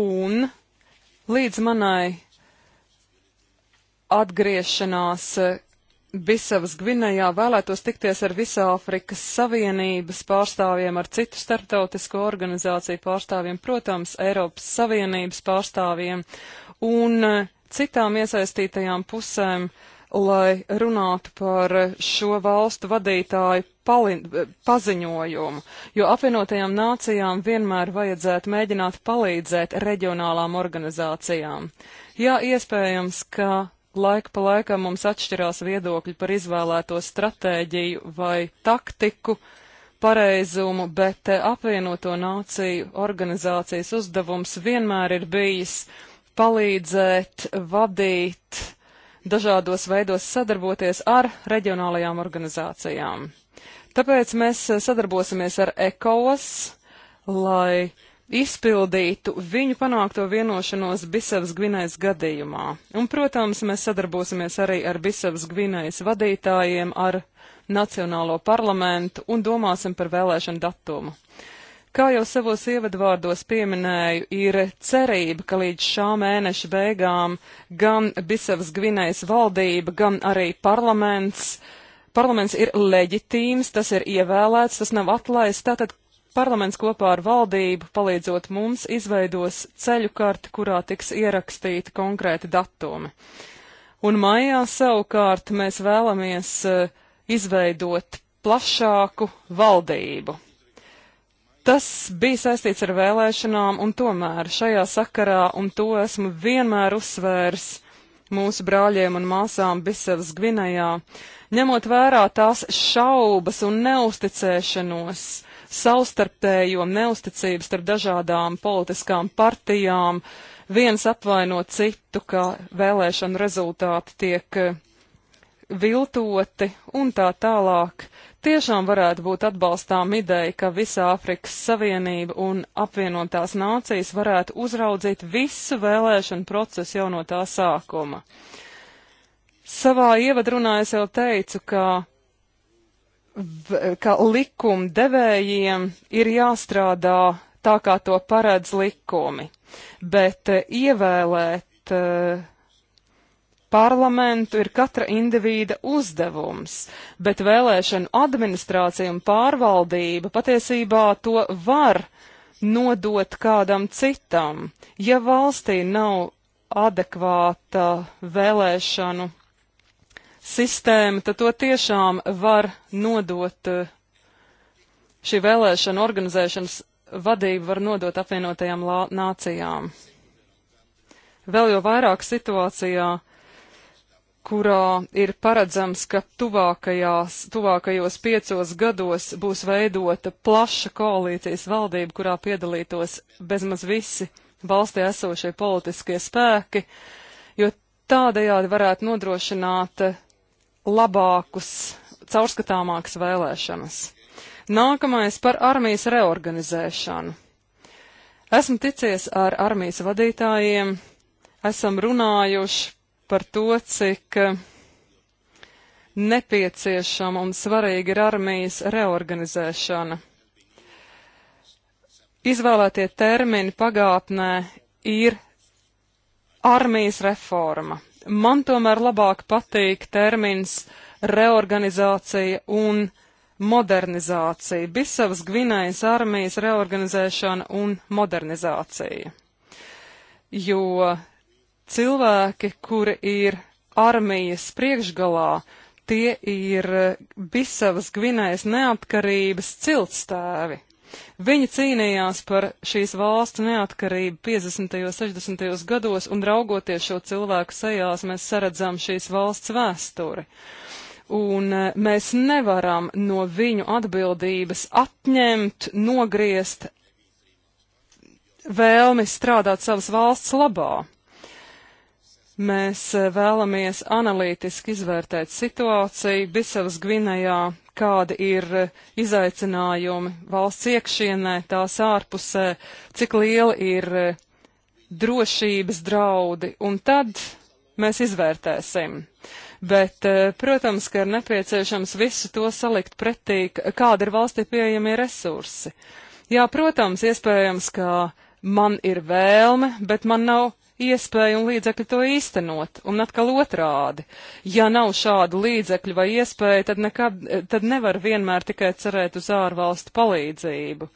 Un līdz manai atgriešanās Bisavas Gvinējā vēlētos tikties ar Visāfrikas Savienības pārstāvjiem, ar citu starptautisko organizāciju pārstāvjiem, protams, Eiropas Savienības pārstāvjiem. Un uh, citām iesaistītajām pusēm, lai runātu par šo valstu vadītāju palin, paziņojumu, jo apvienotajām nācijām vienmēr vajadzētu mēģināt palīdzēt reģionālām organizācijām. Jā, iespējams, ka laika pa laikam mums atšķirās viedokļi par izvēlēto stratēģiju vai taktiku, pareizumu, bet eh, apvienoto nāciju organizācijas uzdevums vienmēr ir bijis uh, palīdzēt, vadīt, dažādos veidos sadarboties ar reģionālajām organizācijām. Tāpēc mēs eh, sadarbosimies ar ECOS, lai izpildītu viņu panākto vienošanos Bisavas Gvinējas gadījumā. Un, protams, mēs sadarbosimies arī ar Bisavas Gvinējas vadītājiem, ar Nacionālo parlamentu un domāsim par vēlēšanu datumu. Kā jau savos ievadvārdos pieminēju, ir cerība, ka līdz šā mēneša beigām gan Bisavas Gvinējas valdība, gan arī parlaments, parlaments ir leģitīms, tas ir ievēlēts, tas nav atlaists, tātad parlaments kopā ar valdību, palīdzot mums, izveidos ceļu karti, kurā tiks ierakstīti konkrēti datumi. Un maijā savukārt mēs vēlamies eh, izveidot plašāku valdību Tas bija saistīts ar vēlēšanām, un tomēr šajā sakarā, un to esmu vienmēr uzsvērs mūsu brāļiem un māsām Bisevas Gvinējā, ņemot vērā tās šaubas un neusticēšanos, savstarpējo neusticības starp dažādām politiskām partijām, viens apvaino citu, ka vēlēšanu rezultāti tiek viltoti un tā tālāk. Tiešām varētu būt atbalstām ideja, ka visa Āfrikas Savienība un apvienotās nācijas varētu uzraudzīt visu vēlēšanu procesu jau no tā sākuma. Savā ievadrunā es jau teicu, ka, ka likumdevējiem ir jāstrādā tā, kā to paredz likumi, bet eh, ievēlēt uh, parlamentu ir katra individa uzdevums, bet vēlēšanu administrācija un pārvaldība patiesībā to var nodot kādam citam, ja valstī nav adekvāta vēlēšanu sistēma, tad to tiešām var nodot eh, šī vēlēšana organizēšanas vadību var nodot apvienotajām nācijām. Vēl jau vairāk situācijā kurā ir paredzams, ka tuvākajās, tuvākajos piecos gados būs veidota plaša koalīcijas valdība, kurā piedalītos bezmaz visi valstī esošie politiskie spēki, jo tādējādi varētu nodrošināt labākus, caurskatāmākas vēlēšanas. Nākamais par armijas reorganizēšanu. Esmu ticies ar armijas vadītājiem, esam runājuši par to, cik nepieciešama un svarīga ir armijas reorganizēšana. Izvēlētie termini pagātnē ir armijas reforma. Man tomēr labāk patīk termins reorganizācija un modernizācija, Bisavas Gvinējas armijas reorganizēšana un modernizācija. Jo cilvēki, kuri ir armijas priekšgalā, tie ir Bisavas Gvinējas neatkarības ciltstāvi. Viņi cīnījās par šīs valsts neatkarību 50. un 60. gados, un raugoties šo cilvēku sejās, mēs saredzam šīs valsts vēsturi. Un e, mēs nevaram no viņu atbildības atņemt, nogriezt vēlmi strādāt savas valsts labā. Mēs eh, vēlamies analītiski izvērtēt situāciju Bisavas Gvinējā, kādi ir eh, izaicinājumi valsts iekšienē, tās ārpusē, cik liela ir eh, drošības draudi, un tad mēs izvērtēsim bet, protams, ka ir nepieciešams visu to salikt pretī, kāda ir valstī pieejamie resursi. Jā, protams, iespējams, ka man ir vēlme, bet man nav iespēju un līdzekļu to īstenot, un atkal otrādi. Ja nav šādu līdzekļu vai iespēju, tad, nekad, tad nevar vienmēr tikai cerēt uz ārvalstu palīdzību.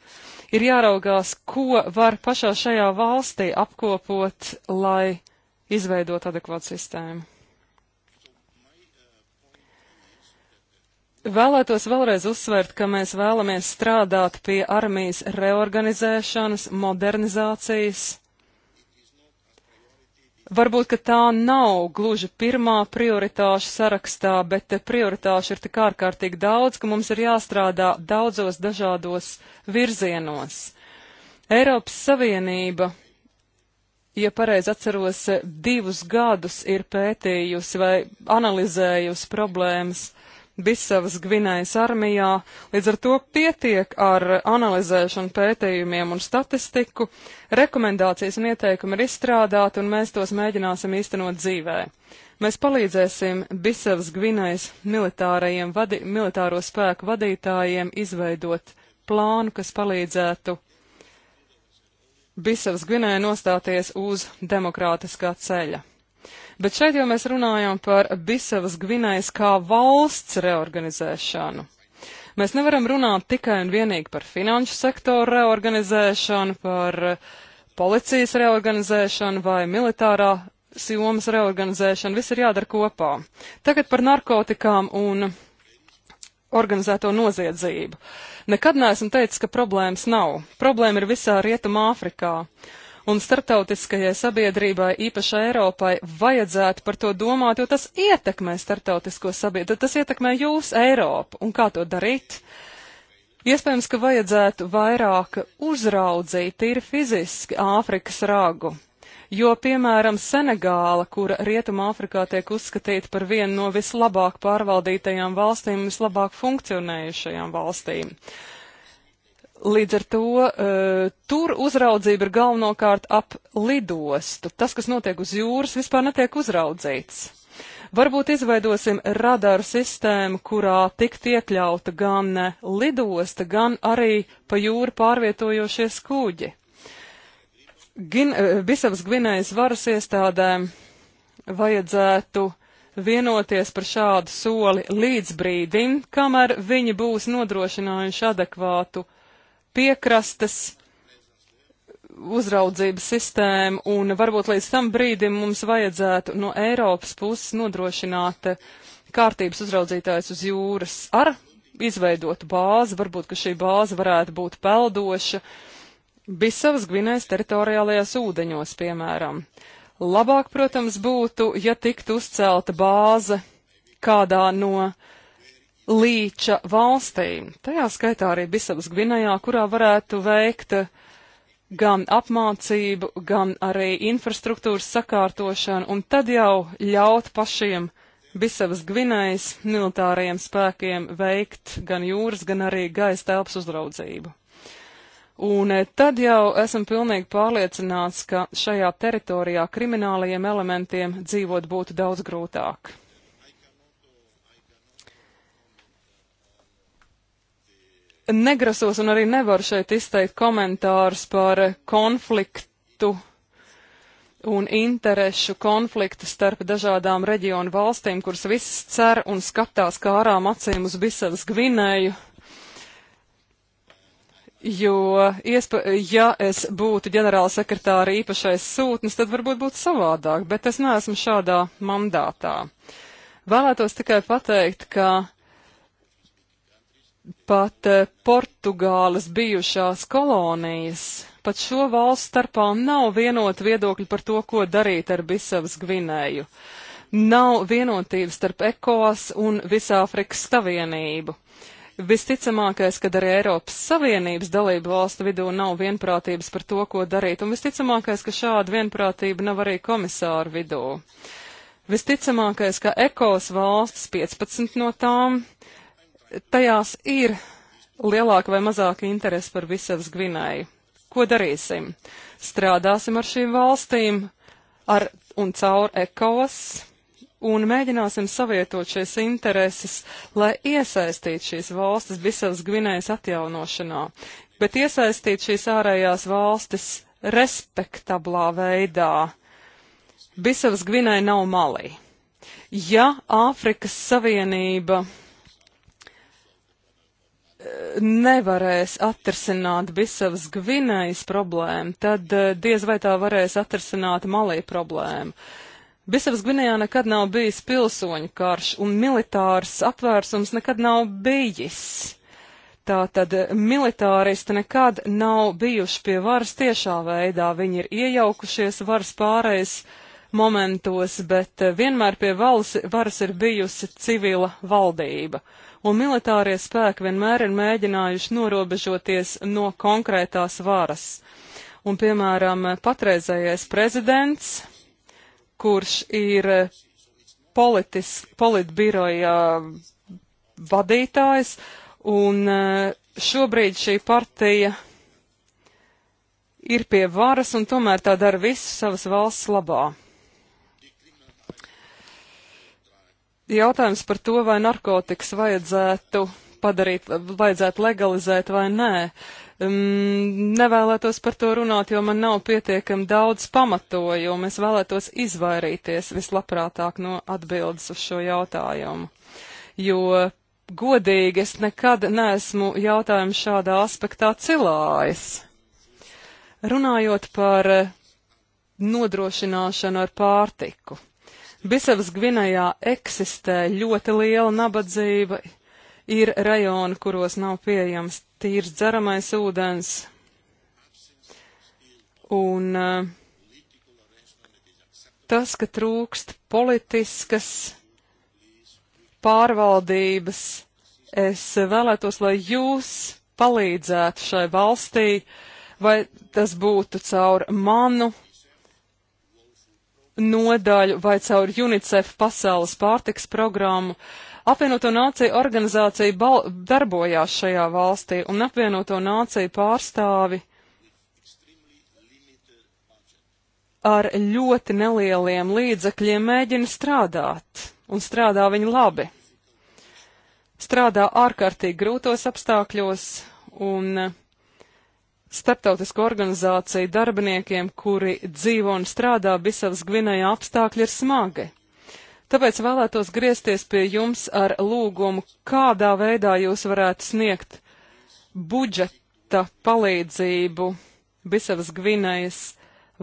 Ir jāraugās, ko var pašā šajā valstī apkopot, lai izveidot adekvātu sistēmu. Vēlētos vēlreiz uzsvērt, ka mēs vēlamies strādāt pie armijas reorganizēšanas, modernizācijas, Varbūt, ka tā nav gluži pirmā prioritāšu sarakstā, bet eh, prioritāšu ir tik ārkārtīgi daudz, ka mums ir jāstrādā daudzos dažādos virzienos. Eiropas Savienība, ja pareizi atceros, eh, divus gadus ir pētījusi vai analizējusi problēmas Bisavas Gvinējas armijā. Līdz ar to pietiek ar analizēšanu pētījumiem un statistiku. Rekomendācijas un ieteikumi ir izstrādāti un mēs tos mēģināsim īstenot dzīvē. Mēs palīdzēsim Bisavas Gvinējas militārajiem vadi, militāro spēku vadītājiem izveidot plānu, kas palīdzētu Bisavas Gvinējai nostāties uz demokrātiskā ceļa. Bet šeit jau mēs runājam par Bisavas Gvinējas kā valsts reorganizēšanu. Mēs nevaram runāt tikai un vienīgi par finanšu sektoru reorganizēšanu, par policijas reorganizēšanu vai militārā jomas reorganizēšanu. Viss ir jādara kopā. Tagad par narkotikām un organizēto noziedzību. Nekad neesmu teicis, ka problēmas nav. Problēma ir visā Rietumā Āfrikā un starptautiskajai sabiedrībai, īpaši Eiropai, vajadzētu par to domāt, jo tas ietekmē starptautisko sabiedrību, tas ietekmē jūs, Eiropu, un kā to darīt? Iespējams, ka vajadzētu vairāk uzraudzīt tīri fiziski Āfrikas ragu, jo, piemēram, Senegāla, kura Rietuma Āfrikā tiek uzskatīta par vienu no vislabāk pārvaldītajām valstīm un vislabāk funkcionējušajām valstīm. Uh, Līdz ar to eh, tur uzraudzība ir galvenokārt ap lidostu. Tas, kas notiek uz jūras, vispār netiek uzraudzīts. Varbūt izveidosim radaru sistēmu, kurā tiktu iekļauta gan eh, lidosta, gan arī pa jūru pārvietojošies kuģi. Gin, eh, Bisavas Gvinējas varas iestādēm vajadzētu vienoties par šādu soli līdz brīdim, kamēr viņi būs nodrošinājuši adekvātu piekrastes uzraudzības sistēmu, un varbūt līdz tam brīdim mums vajadzētu no Eiropas puses nodrošināt kārtības uzraudzītājs uz jūras ar izveidotu bāzi, varbūt, ka šī bāze varētu būt peldoša, Bisavas Gvinējas teritoriālajās ūdeņos, piemēram. Labāk, protams, būtu, ja tiktu uzcelta bāze kādā no uh, līča valstīm, tajā skaitā arī Bisavas Gvinējā, kurā varētu veikt gan apmācību, gan arī infrastruktūras sakārtošanu, un tad jau ļaut pašiem Bisavas Gvinējas militārajiem spēkiem veikt gan jūras, gan arī gaisa telpas uzraudzību. Un tad jau esam pilnīgi pārliecināts, ka šajā teritorijā kriminālajiem elementiem dzīvot būtu daudz grūtāk. negrasos un arī nevaru šeit izteikt komentārus par konfliktu un interešu konfliktu starp dažādām reģionu valstīm, kuras visas cer un skatās kā ārām acīm uz Bisavas Gvinēju. Jo, iespa, ja es būtu ģenerāla sekretāra īpašais sūtnis, tad varbūt būtu savādāk, bet es neesmu šādā mandātā. Vēlētos tikai pateikt, ka pat eh, Portugāles bijušās kolonijas, pat šo valstu starpā nav vienota viedokļa par to, ko darīt ar Bisavas Gvinēju. Nav vienotības starp ECOS un Visāfrikas Savienību. Visticamākais, kad arī Eiropas Savienības dalību valstu vidū nav vienprātības par to, ko darīt, un visticamākais, ka šāda vienprātība nav arī komisāru vidū. Visticamākais, ka ekos valsts 15 no tām tajās ir lielāka vai mazāka interese par Visavas Gvinēju. Ko darīsim? Strādāsim ar šīm valstīm ar un caur ekos un mēģināsim savietot šīs intereses, lai iesaistītu šīs valstis Visavas Gvinējas atjaunošanā, bet iesaistīt šīs ārējās valstis respektablā veidā. Visavas Gvinēja nav malī. Ja Āfrikas Savienība nevarēs atrisināt Bisavas Gvinējas problēmu, tad eh, diez vai tā varēs atrisināt Malī problēmu. Bisavas Gvinējā nekad nav bijis pilsoņu karš un militārs apvērsums nekad nav bijis. Tātad eh, militāristi nekad nav bijuši pie varas tiešā veidā, viņi ir iejaukušies varas pārējais momentos, bet eh, vienmēr pie valas, varas ir bijusi civila valdība. Uh, un militārie spēki vienmēr ir mēģinājuši norobežoties no konkrētās varas. Un, piemēram, patreizējais prezidents, kurš ir politis, politbiroja vadītājs, un eh, šobrīd šī partija ir pie varas un tomēr tā dara visu savas valsts labā. Jautājums par to, vai narkotikas vajadzētu padarīt, vajadzētu legalizēt vai nē. Um, nevēlētos par to runāt, jo man nav pietiekami daudz pamatojumu. Es vēlētos izvairīties vislabprātāk no atbildes uz šo jautājumu. Jo godīgi es nekad neesmu jautājumu šādā aspektā cilājis. Runājot par nodrošināšanu ar pārtiku. Bisavas Gvinējā eksistē ļoti liela nabadzība, ir rajoni, kuros nav pieejams tīrs dzeramais ūdens, un eh, tas, ka trūkst politiskas pārvaldības, es vēlētos, lai jūs palīdzētu šai valstī, vai tas būtu caur manu nodaļu vai caur UNICEF pasaules pārtiks programmu. Apvienoto nāciju organizācija darbojās šajā valstī, un apvienoto nāciju pārstāvi ar ļoti nelieliem līdzekļiem mēģina strādāt, un strādā viņi labi. Strādā ārkārtīgi grūtos apstākļos, un uh, starptautisku organizāciju darbiniekiem, kuri dzīvo un strādā Bisavas Gvinējā apstākļi ir smagi. Tāpēc vēlētos griezties pie jums ar lūgumu, kādā veidā jūs varētu sniegt budžeta palīdzību Bisavas Gvinējas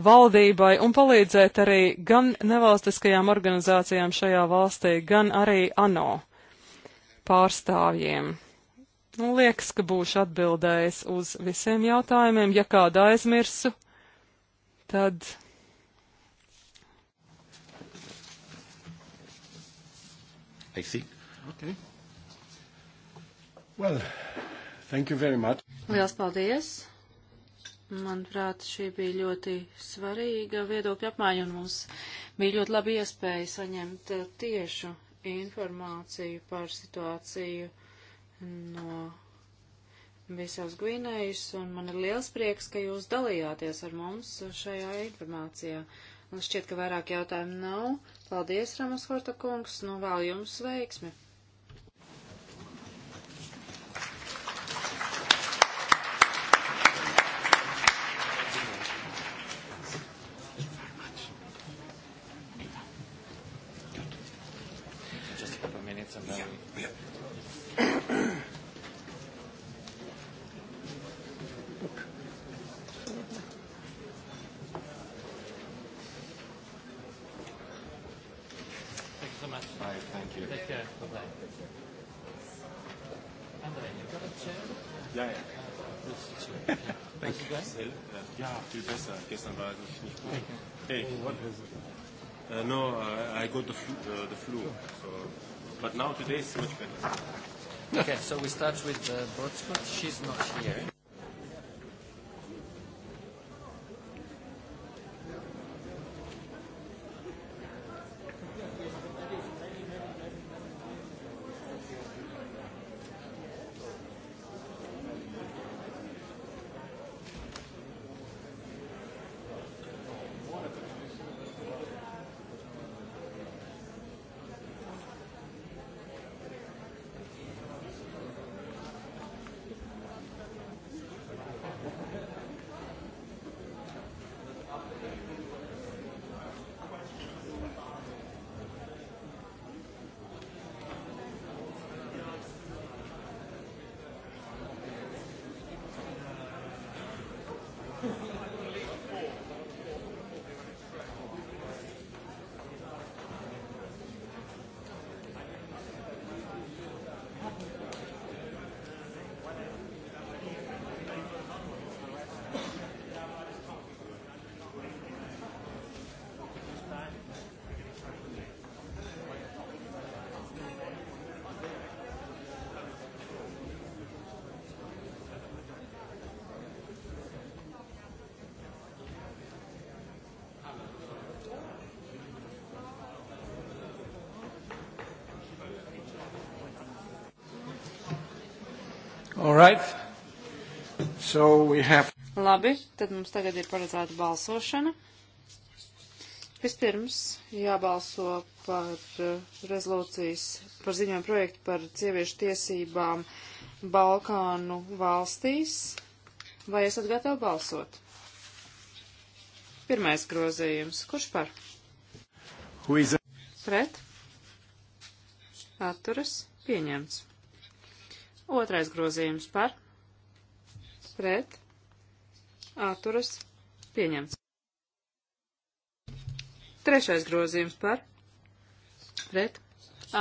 valdībai un palīdzēt arī gan nevalstiskajām organizācijām šajā valstī, gan arī ANO pārstāvjiem. Nu, liekas, ka būšu atbildējis uz visiem jautājumiem. Ja kādu aizmirsu, tad. I think. Okay. Well, thank you very much. Lielas paldies. Manuprāt, šī bija ļoti svarīga viedokļa apmaiņa, un mums bija ļoti laba iespēja saņemt tiešu informāciju par situāciju no Bisaus Gvinējas, un man ir liels prieks, ka jūs dalījāties ar mums šajā informācijā. Man šķiet, ka vairāk jautājumu nav. Paldies, Ramas Horta kungs, nu vēl jums veiksmi! flu. So, but now today is so much better. Okay, so we start with uh, Brodsky. She's not here. right. So we have. Labi, tad mums tagad ir paredzēta balsošana. Vispirms jābalso par eh, rezolūcijas, par ziņojumu projektu par sieviešu tiesībām Balkānu valstīs. Vai esat gatavi balsot? Pirmais grozījums. Kurš par? Huiza. Pret. Atturas. Pieņemts. Otrais grozījums par pret atturas pieņemts. Trešais grozījums par pret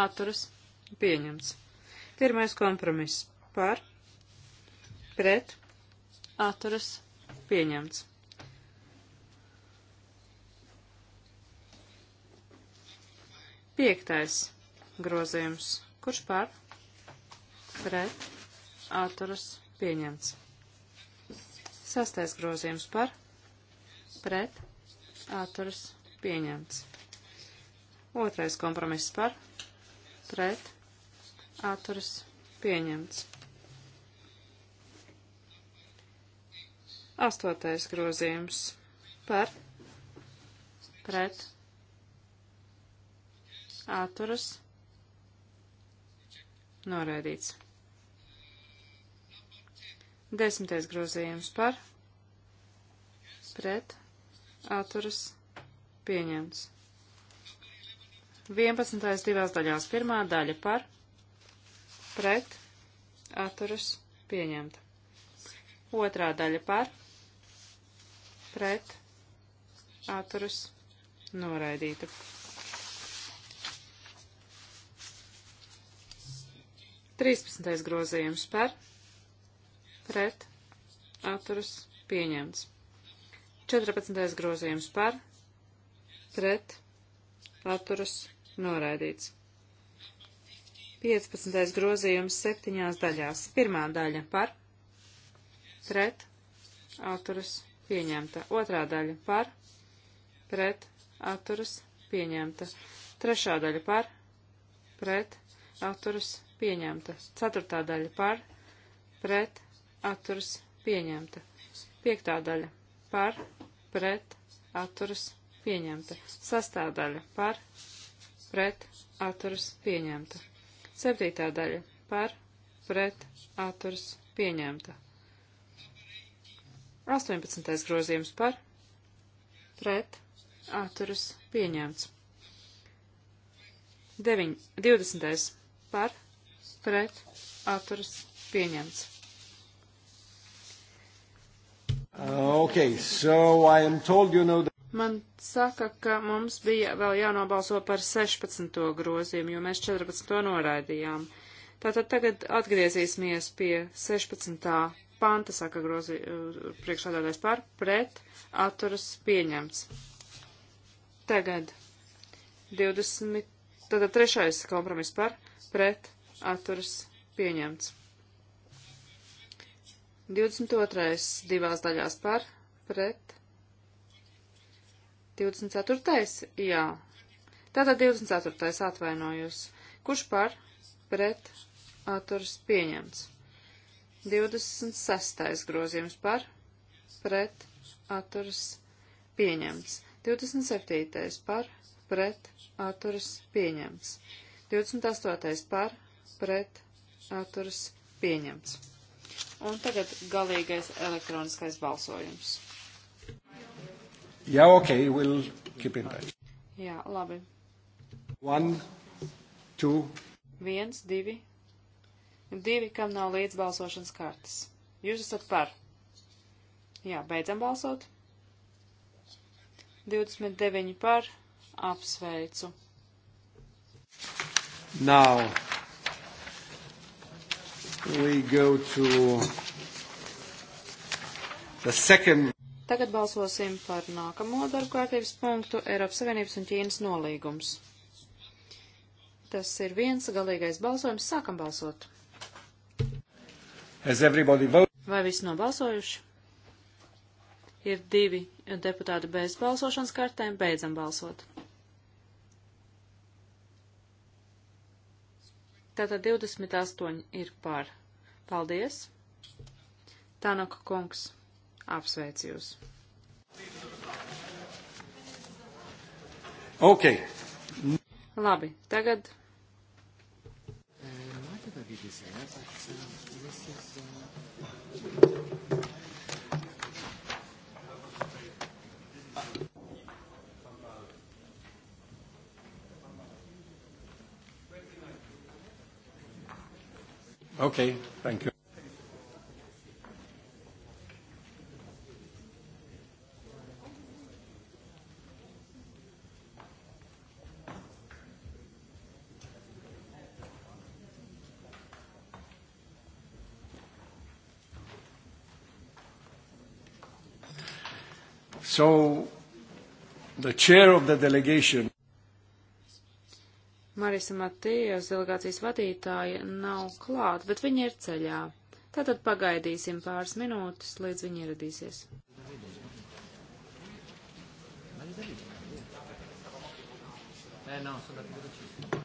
atturas pieņemts. Pirmais kompromiss par pret atturas pieņemts. Piektais grozījums. Kurš par? pret, atturas, pieņemts. Sastais grozījums par, pret, atturas, pieņemts. Otrais kompromiss par, pret, atturas, pieņemts. Astotais grozījums par, pret, atturas, noraidīts. Desmitais grozījums par, pret, atturas, pieņemts. Vienpadsmitais divās daļās. Pirmā daļa par, pret, atturas, pieņemta. Otrā daļa par, pret, atturas, noraidīta. Trīspadsmitais grozījums par, pret pret, atturas, pieņemts. 14. grozījums par, pret, atturas, noraidīts. 15. grozījums septiņās daļās. Pirmā daļa par, pret, atturas, pieņemta. Otrā daļa par, pret, atturas, pieņemta. Trešā daļa par, pret, atturas, pieņemta. Ceturtā daļa par, pret, atturas pieņemta. Piektā daļa par, pret, atturas pieņemta. Sastā daļa par, pret, atturas pieņemta. Septītā daļa par, pret, atturas pieņemta. 18. grozījums par, pret, atturas pieņemts. 9, 20. par, pret, atturas pieņemts. Uh, okay, so I am told you know that... Man saka, ka mums bija vēl jānobalso par 16. grozījumu, jo mēs 14. noraidījām. Tātad tagad atgriezīsimies pie 16. panta, saka grozi, uh, priekšādādājs par, pret, atturas pieņemts. Tagad 20. Tātad trešais kompromiss par, pret, atturas pieņemts. 22. divās daļās par, pret. 24. jā. Tātad 24. atvainojos. Kurš par, pret, atturas pieņemts. 26. grozījums par, pret, atturas pieņemts. 27. par, pret, atturas pieņemts. 28. par, pret, atturas pieņemts. Un tagad galīgais elektroniskais balsojums. Jā, ok, we'll keep in touch. Jā, labi. One, two. Viens, divi. Divi, kam nav līdz balsošanas kartes. Jūs esat par. Jā, beidzam balsot. 29 par. Apsveicu. Now. We go to the second. Tagad balsosim par nākamo darbu kārtības punktu - Eiropas Savienības un Ķīnas nolīgums. Tas ir viens galīgais balsojums. Sākam balsot. Vai visi nobalsojuši? Ir divi deputāti bez balsošanas kartēm. Beidzam balsot. Tātad 28 ir par. Paldies! Tanaka kungs, apsveic jūs! Ok. Labi, tagad. Uh, Okay, thank you. So, the chair of the delegation Marisa Matijas delegācijas vadītāja nav klāt, bet viņa ir ceļā. Tātad pagaidīsim pāris minūtes, līdz viņa ieradīsies. Eh no, sono da più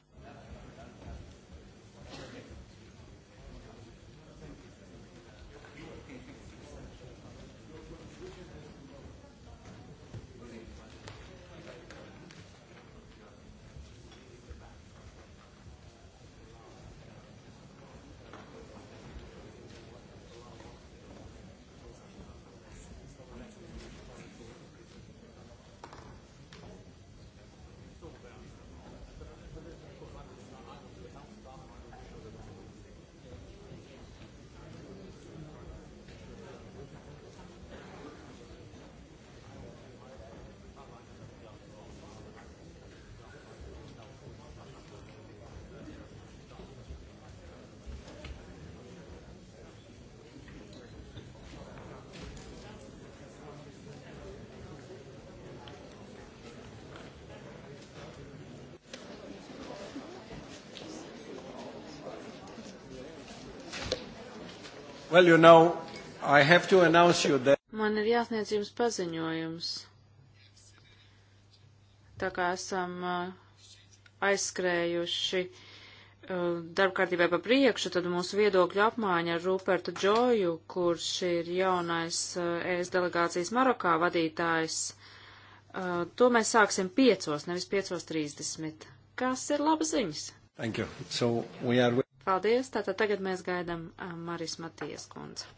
Well, you know, I have to announce you that. Man ir jāsniedz jums paziņojums. Tā kā esam uh, aizskrējuši uh, darbkārtībai pa priekšu, tad mūsu viedokļu apmaiņa ar Rupertu Džoju, kurš ir jaunais ES uh, delegācijas Marokā vadītājs, to mēs sāksim piecos, nevis piecos trīsdesmit. Kas ir labas ziņas? Thank you. So we are Paldies, tātad tagad mēs gaidam Maris Matijas kundze.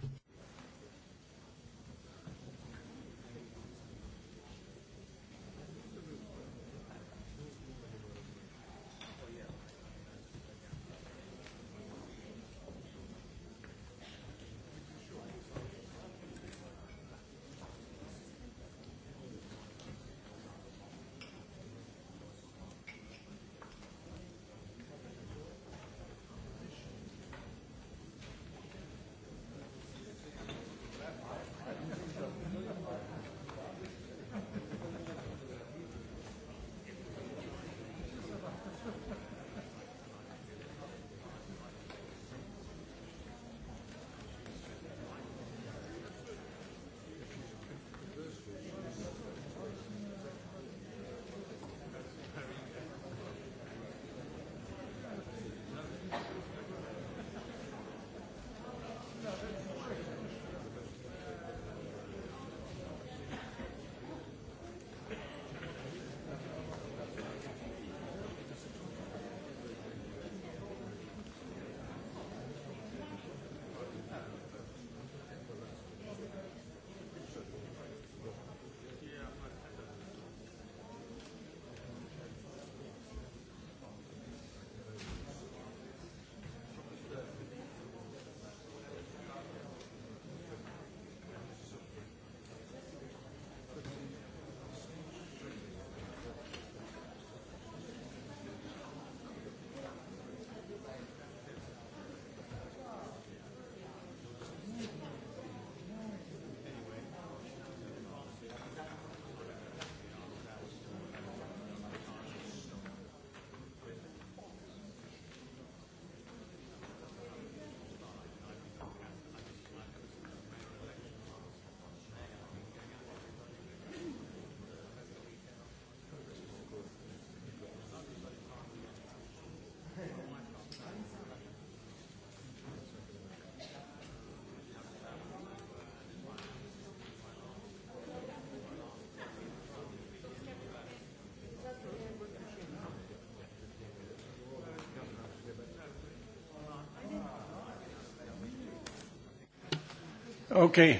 Okay.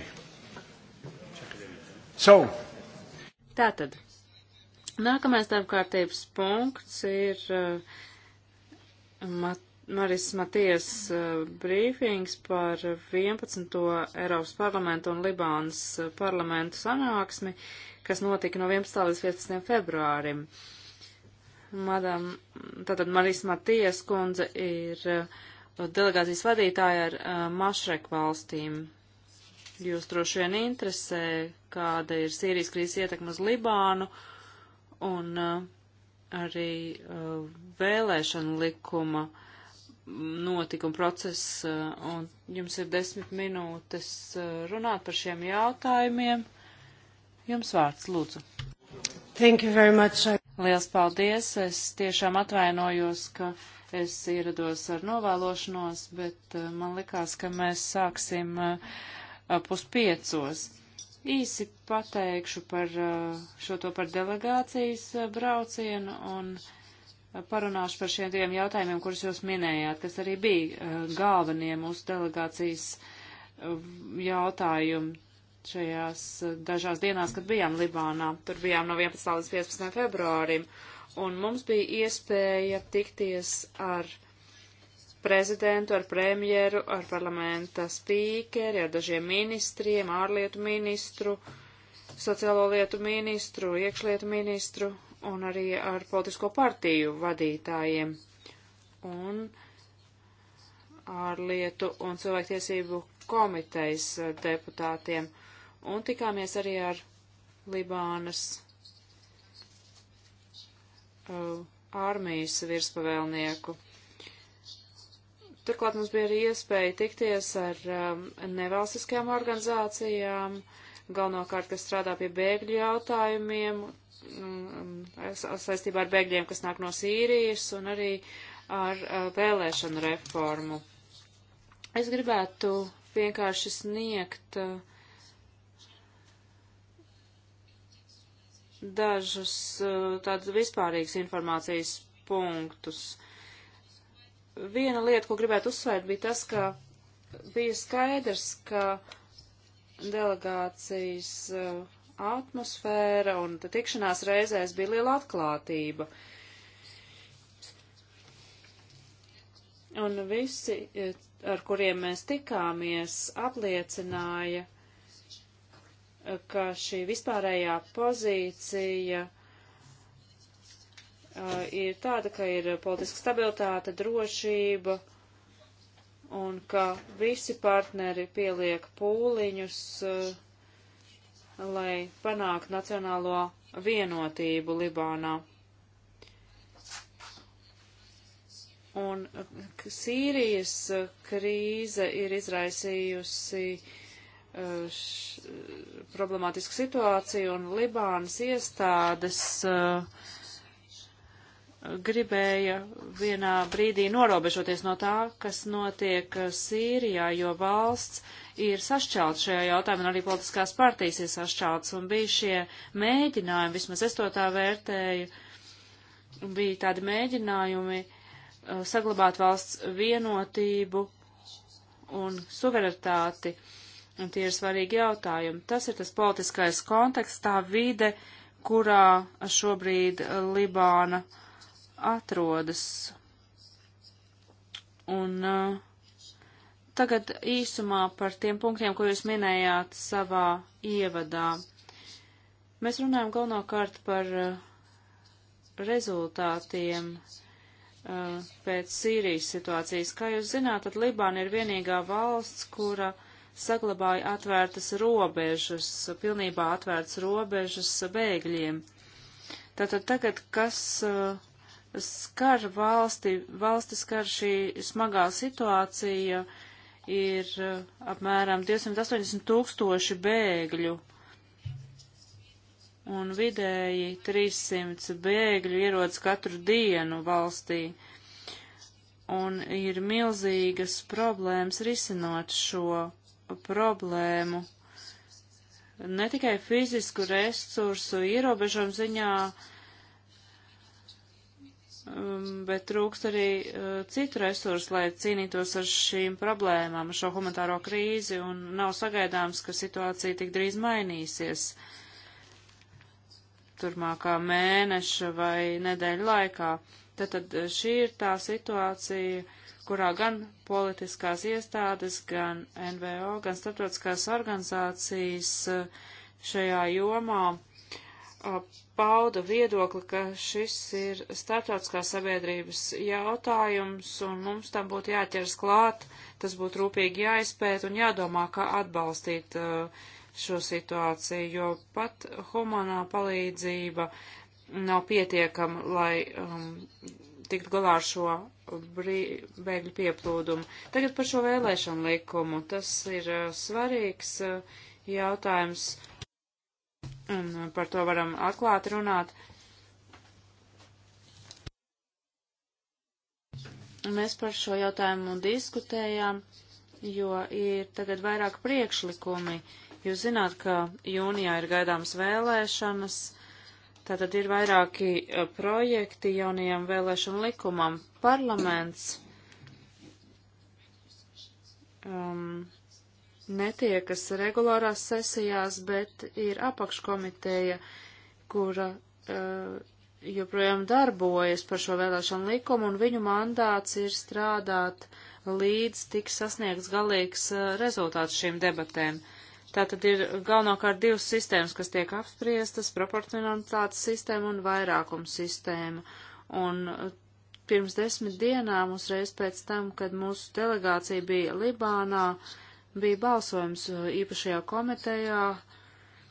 So. Tātad. Nākamais darbkārtības punkts ir uh, Mat Maris Matijas uh, brīfings par 11. Eiropas parlamentu un Libānas uh, parlamentu sanāksmi, kas notika no 11. līdz 15. februārim. Madam, tātad Maris Matijas kundze ir uh, delegācijas vadītāja ar uh, Mašrek valstīm. Jūs droši vien interesē, kāda ir Sīrijas krīzes ietekme uz Libānu un uh, arī uh, vēlēšana likuma notikuma process, uh, un jums ir desmit minūtes uh, runāt par šiem jautājumiem. Jums vārds, lūdzu. Thank you very much. Liels paldies. Es tiešām atvainojos, ka es ierados ar novēlošanos, bet uh, man likās, ka mēs sāksim uh, puspiecos. Īsi pateikšu par šo to par delegācijas braucienu un parunāšu par šiem diviem jautājumiem, kurus jūs minējāt, kas arī bija galvenie mūsu delegācijas jautājumi šajās dažās dienās, kad bijām Libānā. Tur bijām no 11. līdz 15. februārim, un mums bija iespēja tikties ar prezidentu, ar premjeru, ar parlamenta spīkeri, ar dažiem ministriem, ārlietu ministru, sociālo lietu ministru, iekšlietu ministru un arī ar politisko partiju vadītājiem un ārlietu un cilvēktiesību komitejas deputātiem. Un tikāmies arī ar Libānas uh, armijas virspavēlnieku Turklāt mums bija arī iespēja tikties ar um, nevalstiskajām organizācijām, galvenokārt, kas strādā pie bēgļu jautājumiem, um, saistībā ar bēgļiem, kas nāk no Sīrijas, un arī ar uh, vēlēšanu reformu. Es gribētu vienkārši sniegt uh, dažus uh, tādus vispārīgus informācijas punktus. Uh, viena lieta, ko gribētu uzsvērt, bija tas, ka bija skaidrs, ka delegācijas uh, atmosfēra un tikšanās reizēs bija liela atklātība. Un visi, uh, ar kuriem mēs tikāmies, apliecināja, uh, ka šī vispārējā pozīcija Uh, ir tāda, ka ir politiska stabilitāte, drošība un ka visi partneri pieliek pūliņus, uh, lai panāktu nacionālo vienotību Libānā. Un Sīrijas uh, krīze ir izraisījusi problemātisku situāciju, un Libānas iestādes uh, gribēja vienā brīdī norobežoties no tā, kas notiek Sīrijā, jo valsts ir sašķelts šajā jautājumā, un arī politiskās partijas ir sašķelts, un bija šie mēģinājumi, vismaz es to tā vērtēju, bija tādi mēģinājumi uh, saglabāt valsts vienotību un suverenitāti, un tie ir svarīgi jautājumi. Tas ir tas politiskais konteksts, tā vide, kurā šobrīd Libāna uh, atrodas. Un uh, tagad īsumā par tiem punktiem, ko jūs minējāt savā ievadā. Mēs runājam galvenokārt par uh, rezultātiem uh, pēc Sīrijas situācijas. Kā jūs zināt, tad Libāna ir vienīgā valsts, kura saglabāja atvērtas robežas, pilnībā atvērtas robežas bēgļiem. Tātad tagad, kas uh, skar valsti, valsti skar šī smagā situācija, ir eh, apmēram 280 tūkstoši bēgļu un vidēji 300 bēgļu ierodas katru dienu valstī. Un ir milzīgas problēmas risinot šo problēmu. Ne tikai fizisku resursu ierobežojumu ziņā, uh, Um, bet trūkst arī uh, citu resursu, lai cīnītos ar šīm problēmām, šo humanitāro krīzi, un nav sagaidāms, ka situācija tik drīz mainīsies turmākā mēneša vai nedēļa laikā. Tātad uh, šī ir tā situācija, kurā gan politiskās iestādes, gan NVO, gan starptautiskās organizācijas uh, šajā jomā pauda viedokli, ka šis ir starptautiskā sabiedrības jautājums un mums tam būtu jāķers klāt, tas būtu rūpīgi jāizpēt un jādomā, kā atbalstīt šo situāciju, jo pat humanā palīdzība nav pietiekama, lai um, tiktu galā ar šo bēgļu pieplūdumu. Tagad par šo vēlēšanu likumu. Tas ir uh, svarīgs uh, jautājums un par to varam atklāti runāt. Mēs par šo jautājumu diskutējām, jo ir tagad vairāk priekšlikumi. Jūs zināt, ka jūnijā ir gaidāmas vēlēšanas, tātad ir vairāki e, projekti jaunajam vēlēšanu likumam. Parlaments um, netiekas regulārās sesijās, bet ir apakškomiteja, kura uh, joprojām darbojas par šo vēlēšanu likumu, un viņu mandāts ir strādāt līdz tiks sasniegts galīgs uh, rezultāts šīm debatēm. Tātad ir galvenokārt divas sistēmas, kas tiek apspriestas - proporcionalitātes sistēma un vairākuma sistēma. Un eh, pirms desmit dienām, uzreiz pēc tam, kad mūsu delegācija bija Libānā, uh, bija balsojums uh, īpašajā komitejā,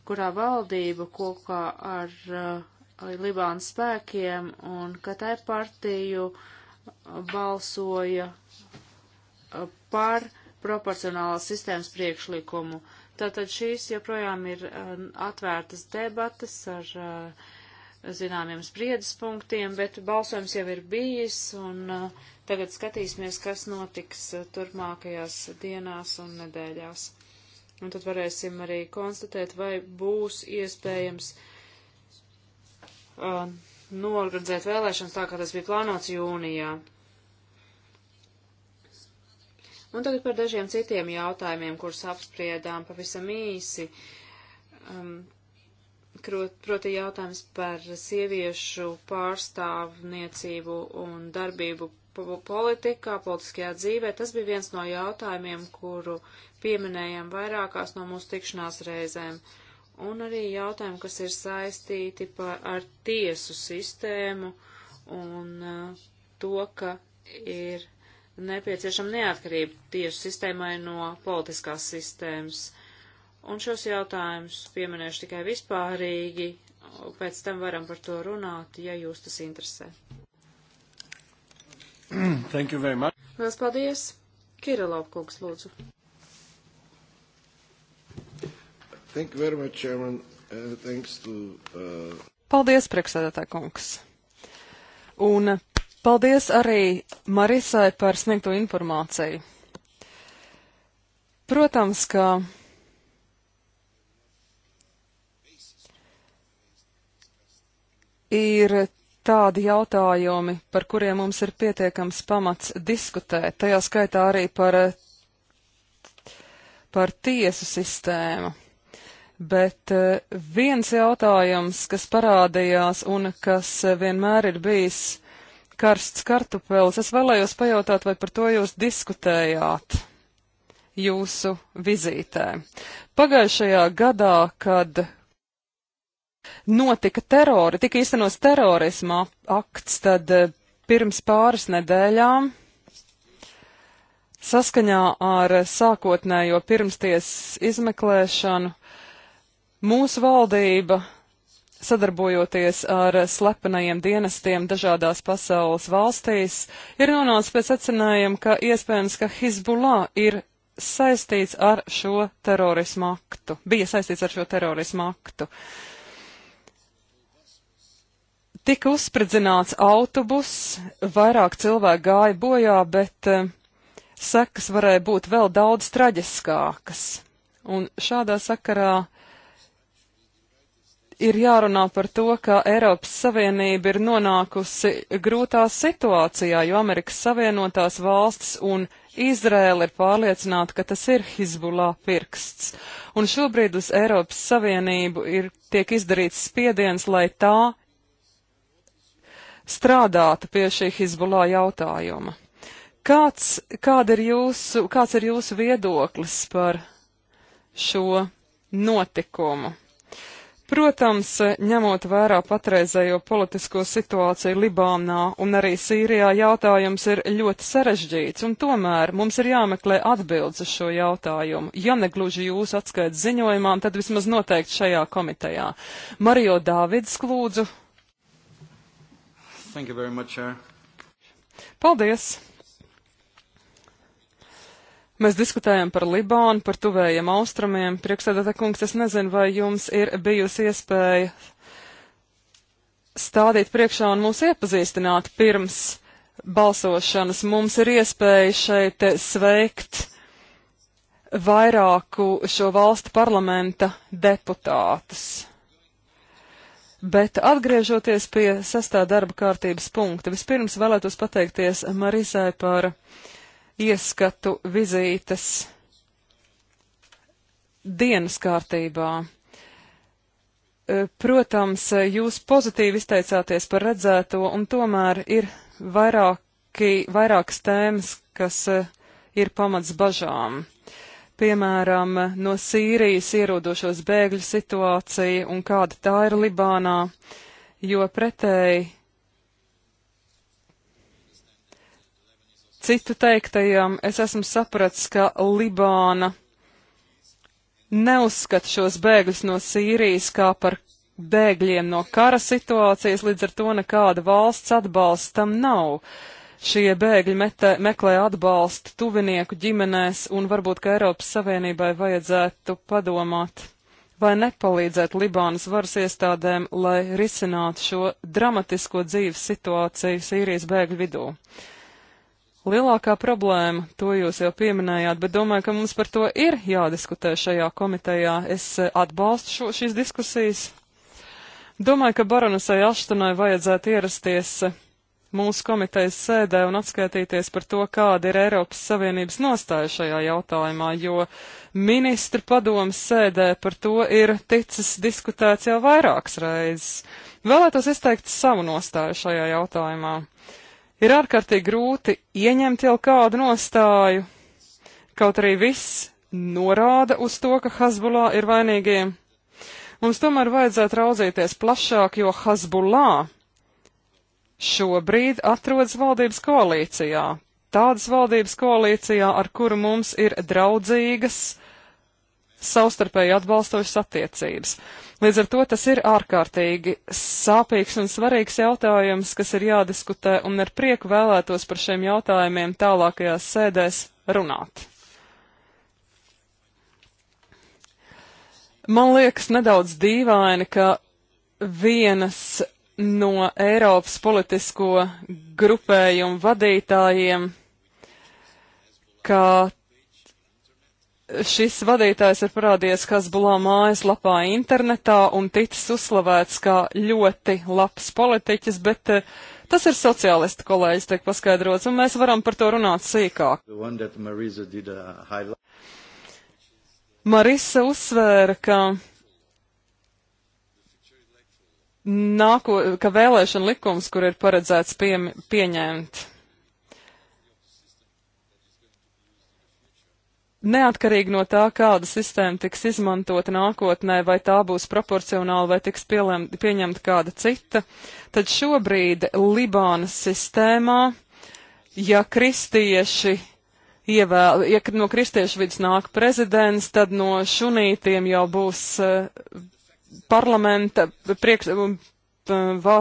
kurā valdība kopā ar uh, Libānas spēkiem un Katai partiju uh, balsoja uh, par proporcionālās sistēmas priekšlikumu. Tātad šīs joprojām ir atvērtas debatas ar zināmiem spriedzes punktiem, bet balsojums jau ir bijis un uh, Tagad skatīsimies, kas notiks eh, turpmākajās dienās un nedēļās. Un tad varēsim arī konstatēt, vai būs iespējams uh, norganizēt vēlēšanas tā, kā tas bija plānots jūnijā. Un tagad par dažiem citiem jautājumiem, kurus apspriedām pavisam īsi. Um, proti jautājums par sieviešu pārstāvniecību un darbību politikā, politiskajā dzīvē, tas bija viens no jautājumiem, kuru pieminējām vairākās no mūsu tikšanās reizēm. Un arī jautājumi, kas ir saistīti par, ar tiesu sistēmu un uh, to, ka ir nepieciešama neatkarība tiesu sistēmai no politiskās sistēmas. Un šos jautājumus pieminēšu tikai vispārīgi, pēc tam varam par to runāt, ja jūs tas interesē. [clears throat] Thank you very much. Mēs paldies. Kirilov kungs, lūdzu. Thank you very much, Chairman. Uh, thanks to... Uh... Paldies, priekšsēdētāj kungs. Un paldies arī Marisai par sniegto informāciju. Protams, ka ir tādi jautājumi, par kuriem mums ir pietiekams pamats diskutēt, tajā skaitā arī par, par tiesu sistēmu. Bet eh, viens jautājums, kas parādījās un kas eh, vienmēr ir bijis karsts kartupēlis, es vēlējos pajautāt, vai par to jūs diskutējāt jūsu vizītē. Pagājušajā gadā, kad notika terori, tika īstenos terorisma akts, tad eh, pirms pāris nedēļām saskaņā ar sākotnējo pirmstiesas izmeklēšanu mūsu valdība sadarbojoties ar slepenajiem dienestiem dažādās pasaules valstīs, ir nonācis pēc secinājuma, ka iespējams, ka Hizbullah ir saistīts ar šo terorismu aktu, bija saistīts ar šo terorismu aktu. Uh, Tika uzspridzināts autobus, vairāk cilvēku gāja bojā, bet eh, sekas varēja būt vēl daudz traģiskākas. Un šādā sakarā ir jārunā par to, ka Eiropas Savienība ir nonākusi grūtā situācijā, jo Amerikas Savienotās valstis un Izrēla ir pārliecināta, ka tas ir Hizbulā pirksts. Un šobrīd uz Eiropas Savienību ir tiek izdarīts spiediens, lai tā strādātu pie šī Hizbulā jautājuma. Kāds, kāda ir jūsu, kāds ir jūsu viedoklis par šo notikumu? Protams, ņemot vērā patreizējo politisko situāciju Libānā un arī Sīrijā, jautājums ir ļoti sarežģīts, un tomēr mums ir jāmeklē atbildes uz šo jautājumu. Ja negluži jūs atskaits ziņojumā, tad vismaz noteikti šajā komitejā. Mario Dāvids, lūdzu, Thank you very much, Chair. Paldies! Mēs diskutējam par Libānu, par tuvējiem austrumiem. Priekšsēdētā kungs, es nezinu, vai jums ir bijusi iespēja stādīt priekšā un mūs iepazīstināt pirms balsošanas. Mums ir iespēja šeit sveikt vairāku šo valstu parlamenta deputātus. Bet atgriežoties pie sastā darba kārtības punkta, vispirms vēlētos pateikties Marisai par ieskatu vizītes dienas kārtībā. Protams, jūs pozitīvi izteicāties par redzēto, un tomēr ir vairāki, vairākas tēmas, kas ir pamats bažām piemēram, no Sīrijas ierodošos bēgļu situācija un kāda tā ir Libānā, jo pretēji citu teiktajam es esmu sapratis, ka Libāna neuzskata šos bēgļus no Sīrijas kā par bēgļiem no kara situācijas, līdz ar to nekāda valsts atbalsta tam nav. Uh, šie bēgļi metē, meklē atbalstu tuvinieku ģimenēs, un varbūt, ka Eiropas Savienībai vajadzētu padomāt vai nepalīdzēt Libānas varas iestādēm, lai risinātu šo dramatisko dzīves situāciju Sīrijas bēgļu vidū. Lielākā problēma, to jūs jau pieminējāt, bet domāju, ka mums par to ir jādiskutē šajā komitejā. Es eh, atbalstu šo, šīs diskusijas. Domāju, ka baronesai Aštunai vajadzētu ierasties eh, mūsu komitejas sēdē un atskaitīties par to, kāda ir Eiropas Savienības nostāja šajā jautājumā, jo ministru padomas sēdē par to ir ticis diskutēts jau vairākas reizes. Vēlētos izteikt savu nostāju šajā jautājumā. Ir ārkārtīgi grūti ieņemt jau kādu nostāju, kaut arī viss norāda uz to, ka Hezbollah ir vainīgie. Mums tomēr vajadzētu raudzīties plašāk, jo Hezbollah šobrīd atrodas valdības koalīcijā. Tādas valdības koalīcijā, ar kuru mums ir draudzīgas, savstarpēji atbalstošas attiecības. Līdz ar to tas ir ārkārtīgi sāpīgs un svarīgs jautājums, kas ir jādiskutē, un ar prieku vēlētos par šiem jautājumiem tālākajās sēdēs runāt. Man liekas nedaudz dīvaini, ka vienas no Eiropas politisko grupējumu vadītājiem, ka šis vadītājs ir parādījies Kazbulā mājaslapā internetā un ticis uzslavēts kā ļoti labs politiķis, bet eh, tas ir sociālisti kolēģis, tiek paskaidrots, un mēs varam par to runāt sīkāk. Marisa uzsvēra, ka nāko, ka vēlēšana likums, kur ir paredzēts pie, pieņemt. Neatkarīgi no tā, kāda sistēma tiks izmantota nākotnē, vai tā būs proporcionāla, vai tiks pielem, pieņemta kāda cita, tad šobrīd Libānas sistēmā, ja kristieši ievēl, ja no kristiešu vidus nāk prezidents, tad no šunītiem jau būs uh, parlamenta priekš, va,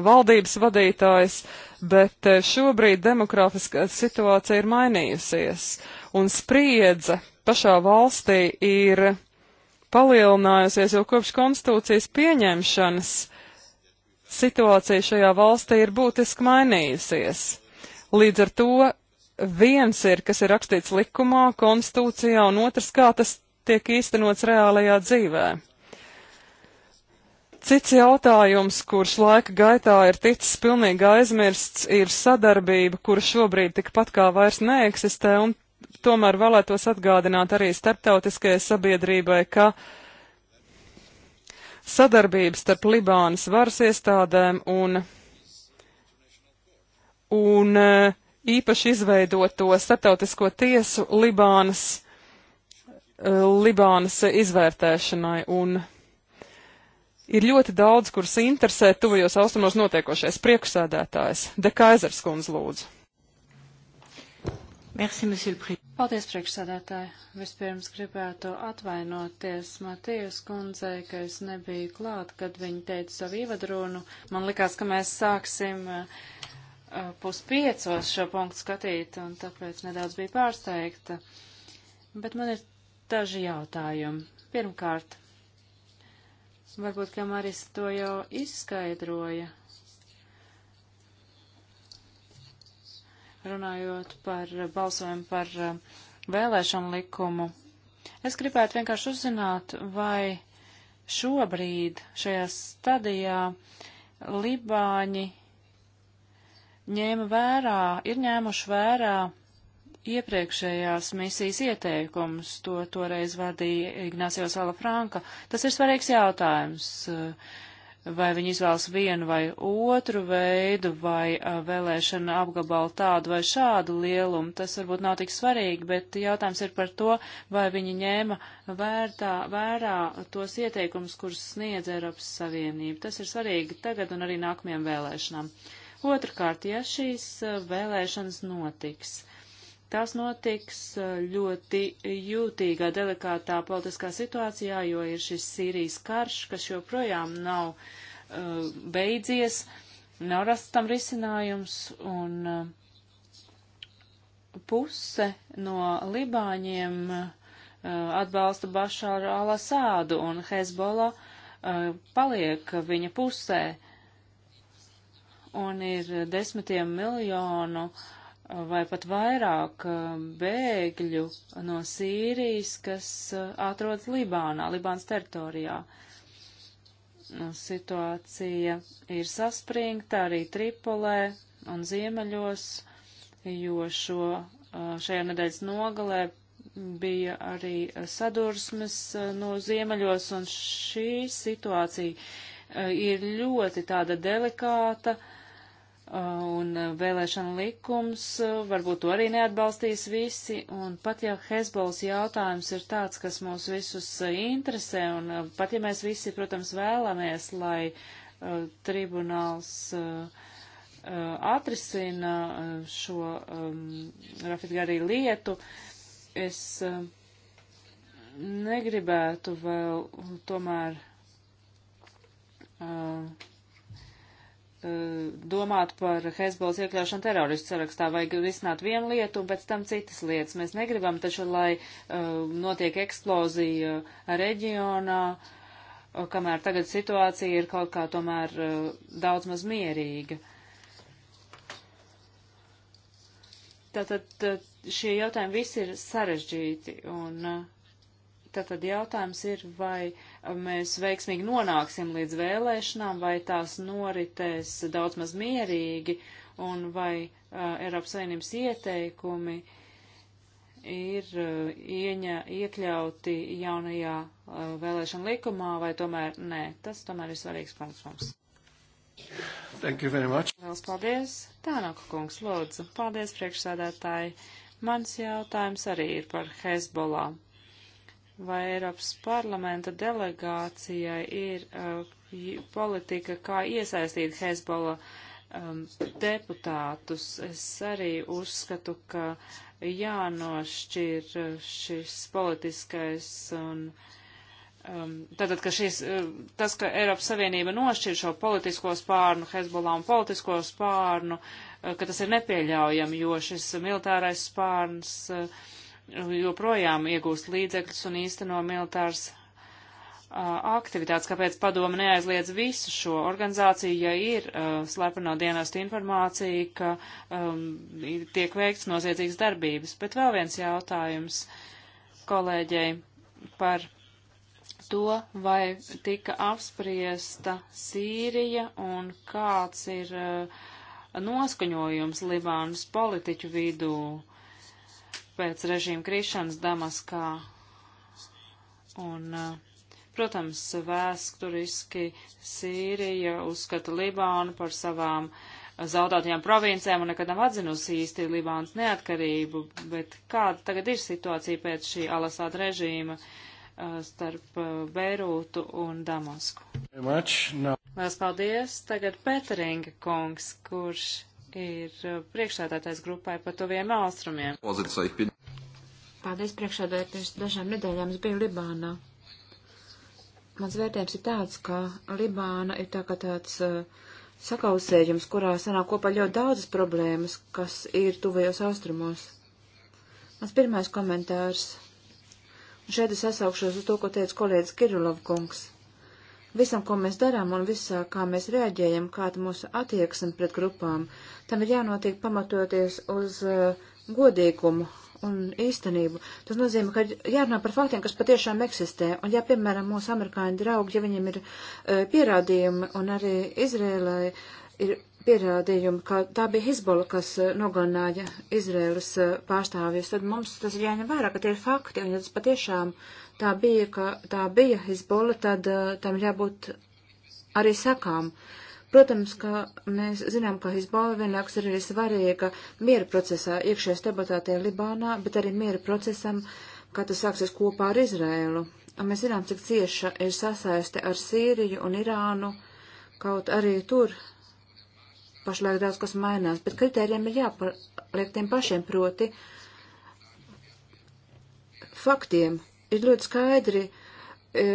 valdības vadītājs, bet e, šobrīd demografiskā situācija ir mainījusies, un spriedze pašā valstī ir palielinājusies jau kopš konstitūcijas pieņemšanas. Situācija šajā valstī ir būtiski mainījusies. Līdz ar to viens ir, kas ir rakstīts likumā, konstitūcijā, un otrs, kā tas tiek īstenots reālajā dzīvē. Cits jautājums, kurš laika gaitā ir ticis pilnīgi aizmirsts, ir sadarbība, kura šobrīd tikpat kā vairs neeksistē, un tomēr vēlētos atgādināt arī starptautiskajai sabiedrībai, ka sadarbība starp Libānas varas iestādēm un, un eh, īpaši izveidoto starptautisko tiesu Libānas, eh, Libānas izvērtēšanai un Ir ļoti daudz, kuras interesē tuvajos austrumos notiekošais priekšsēdētājs. De Kaisers kundz lūdzu. Merci, Paldies, priekšsēdētāji. Vispirms gribētu atvainoties Matijas kundzei, ka es nebiju klāt, kad viņa teica savu ievadrunu. Man likās, ka mēs sāksim uh, eh, eh, puspiecos šo punktu skatīt, un tāpēc nedaudz bija pārsteigta. Bet man ir daži jautājumi. Pirmkārt, Varbūt, ka Maris to jau izskaidroja, runājot par balsojumu par eh, vēlēšanu likumu. Es gribētu vienkārši uzzināt, vai šobrīd šajā stadijā Libāņi ņēma vērā, ir ņēmuši vērā iepriekšējās misijas ieteikumus, to toreiz vadīja Ignācijā Sala Franka. Tas ir svarīgs jautājums, eh, vai viņi izvēlas vienu vai otru veidu, vai eh, vēlēšana apgabalu tādu vai šādu lielumu. Tas varbūt nav tik svarīgi, bet jautājums ir par to, vai viņi ņēma vērtā, vērā tos ieteikumus, kurus sniedz Eiropas Savienība. Tas ir svarīgi tagad un arī nākamajām vēlēšanām. Otrakārt, ja šīs eh, vēlēšanas notiks, uh, Tās notiks e, ļoti jūtīgā, delikātā politiskā situācijā, jo ir šis Sīrijas karš, kas joprojām nav uh, beidzies, nav rasts tam risinājums, un uh, puse no Libāņiem uh, atbalsta Bašāru Alasādu, un Hezbollah paliek viņa pusē, un ir desmitiem miljonu uh, vai pat vairāk um, bēgļu no Sīrijas, kas uh, atrodas Libānā, Libānas teritorijā. Nu, situācija ir saspringta arī Tripolē un Ziemeļos, jo šo, uh, šajā nedēļas nogalē bija arī uh, sadursmes no Ziemeļos, un šī situācija ir ļoti tāda delikāta, uh, un vēlēšana likums, uh, varbūt to arī neatbalstīs visi, un pat ja Hezbols jautājums ir tāds, kas mūs visus uh, interesē, un uh, pat ja mēs visi, protams, vēlamies, lai uh, tribunāls uh, atrisina šo um, Rafit Garī lietu, es uh, negribētu vēl tomēr. Uh, Eh, domāt par Hezbollas iekļaušanu teroristu sarakstā, vajag risināt vienu lietu un pēc tam citas lietas. Mēs negribam taču, lai uh, notiek eksplozija reģionā, uh, kamēr tagad situācija ir kaut kā tomēr uh, daudz maz mierīga. Tātad šie jautājumi visi ir sarežģīti un uh, Tātad jautājums ir, vai uh, mēs veiksmīgi nonāksim līdz vēlēšanām, vai tās noritēs daudz maz mierīgi, un vai uh, Eiropas Savienības ieteikumi ir uh, ieņa, iekļauti jaunajā uh, vēlēšana likumā, vai tomēr nē. Tas tomēr ir svarīgs punkts mums. Thank you very much. Lielas paldies. Tānoka kungs, lūdzu. Paldies, priekšsēdētāji. Mans jautājums arī ir par Hezbollah vai Eiropas parlamenta delegācijai ir uh, politika, kā iesaistīt Hezbollah um, deputātus. Es arī uzskatu, ka jānošķir uh, šis politiskais un. Um, tātad, ka šis, uh, tas, ka Eiropas Savienība nošķir šo politisko spārnu, Hezbollah un politisko spārnu, uh, ka tas ir nepieļaujami, jo šis militārais spārns uh, joprojām iegūst līdzekļus un īsteno militārs aktivitātes, kāpēc padoma neaizliedz visu šo organizāciju, ja ir uh, slepeno dienestu informācija, ka um, tiek veikts noziedzīgas darbības. Bet vēl viens jautājums kolēģei par to, vai tika apspriesta Sīrija un kāds ir uh, noskaņojums Libānas politiķu vidū pēc režīma krišanas Damaskā. Un, eh, protams, vēsturiski Sīrija uzskata Libānu par savām eh, zaudētajām provincēm un nekad nav atzinusi īsti Libānas neatkarību, bet kāda tagad ir situācija pēc šī Alasāda režīma eh, starp Beirūtu un Damasku? No. Lielas paldies! Tagad Peteringa kungs, kurš ir priekšsēdētais grupai pa tuviem austrumiem. Paldies priekšādāji, pirms dažām nedēļām es biju Libānā. Mans vērtējums ir tāds, ka Libāna ir tā kā tāds uh, sakausējums, kurā sanāk kopā ļoti daudzas problēmas, kas ir tuvajos austrumos. Mans pirmais komentārs. Un šeit es sasaukšos uz to, ko teica kolēģis Kirilovkungs. Visam, ko mēs darām un visā, kā mēs reaģējam, kāda mūsu attieksme pret grupām, tam ir jānotiek pamatoties uz uh, godīgumu, un īstenību. Tas nozīmē, ka jārunā par faktiem, kas patiešām eksistē. Un ja, piemēram, mūsu amerikāņu draugi, ja viņiem ir e, pierādījumi un arī Izrēlai ir pierādījumi, ka tā bija Hizbola, kas e, nogalināja Izrēlas e, pārstāvjus, tad mums tas ir jāņem vērā, ka tie ir fakti. Un ja tas patiešām tā bija, ka tā bija Hizbola, tad e, tam jābūt arī sakām. Uh, Protams, ka mēs zinām, ka Hizbola vienlaikus ir arī svarīga miera procesā, iekšējā stabilitātē Libānā, bet arī miera procesam, kā tas sāksies kopā ar Izrēlu. Un mēs zinām, cik cieša ir sasaiste ar Sīriju un Irānu, kaut arī tur pašlaik daudz kas mainās, bet kritērijiem ir jāpaliek tiem pašiem proti faktiem. Ir ļoti skaidri, e,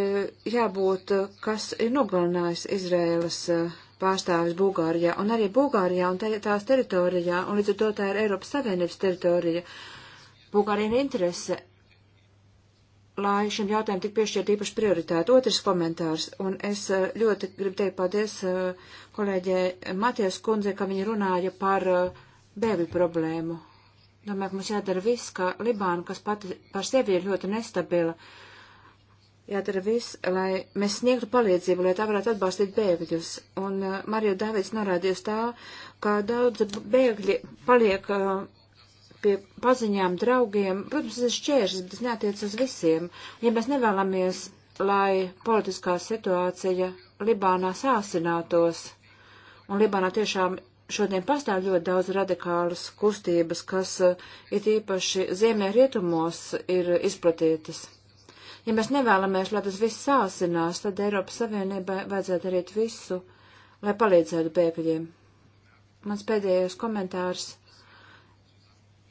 jābūt, kas ir nogalinājis Izrēlas e, pārstāvis Bulgārijā un arī Bulgārijā un tās teritorijā, un līdz ar to tā ir Eiropas Savienības teritorija. Bulgārija ir interese, lai šim jautājumam tik piešķirt īpaši prioritāti. Otrs komentārs, un es eh, ļoti gribu teikt paldies eh, kolēģē Matijas kundze, ka viņa runāja par eh, bēgļu problēmu. Domāju, ka mums jādara viss, ka Libāna, kas pati par sevi ir ļoti nestabila, uh, jādara viss, lai mēs sniegtu palīdzību, lai tā varētu atbalstīt bēgļus. Un uh, Marija Davids norādīja uz tā, ka daudz bēgļi paliek uh, pie paziņām, draugiem. Protams, tas ir šķēršļs, bet tas neatiec uz visiem. Ja mēs nevēlamies, lai politiskā situācija Libānā sāsinātos, un Libānā tiešām šodien pastāv ļoti daudz radikālas kustības, kas uh, it īpaši ziemē rietumos ir izplatītas Ja mēs nevēlamies, lai tas viss sāsinās, tad Eiropas Savienībai vajadzētu darīt visu, lai palīdzētu bēgļiem. Mans pēdējais komentārs.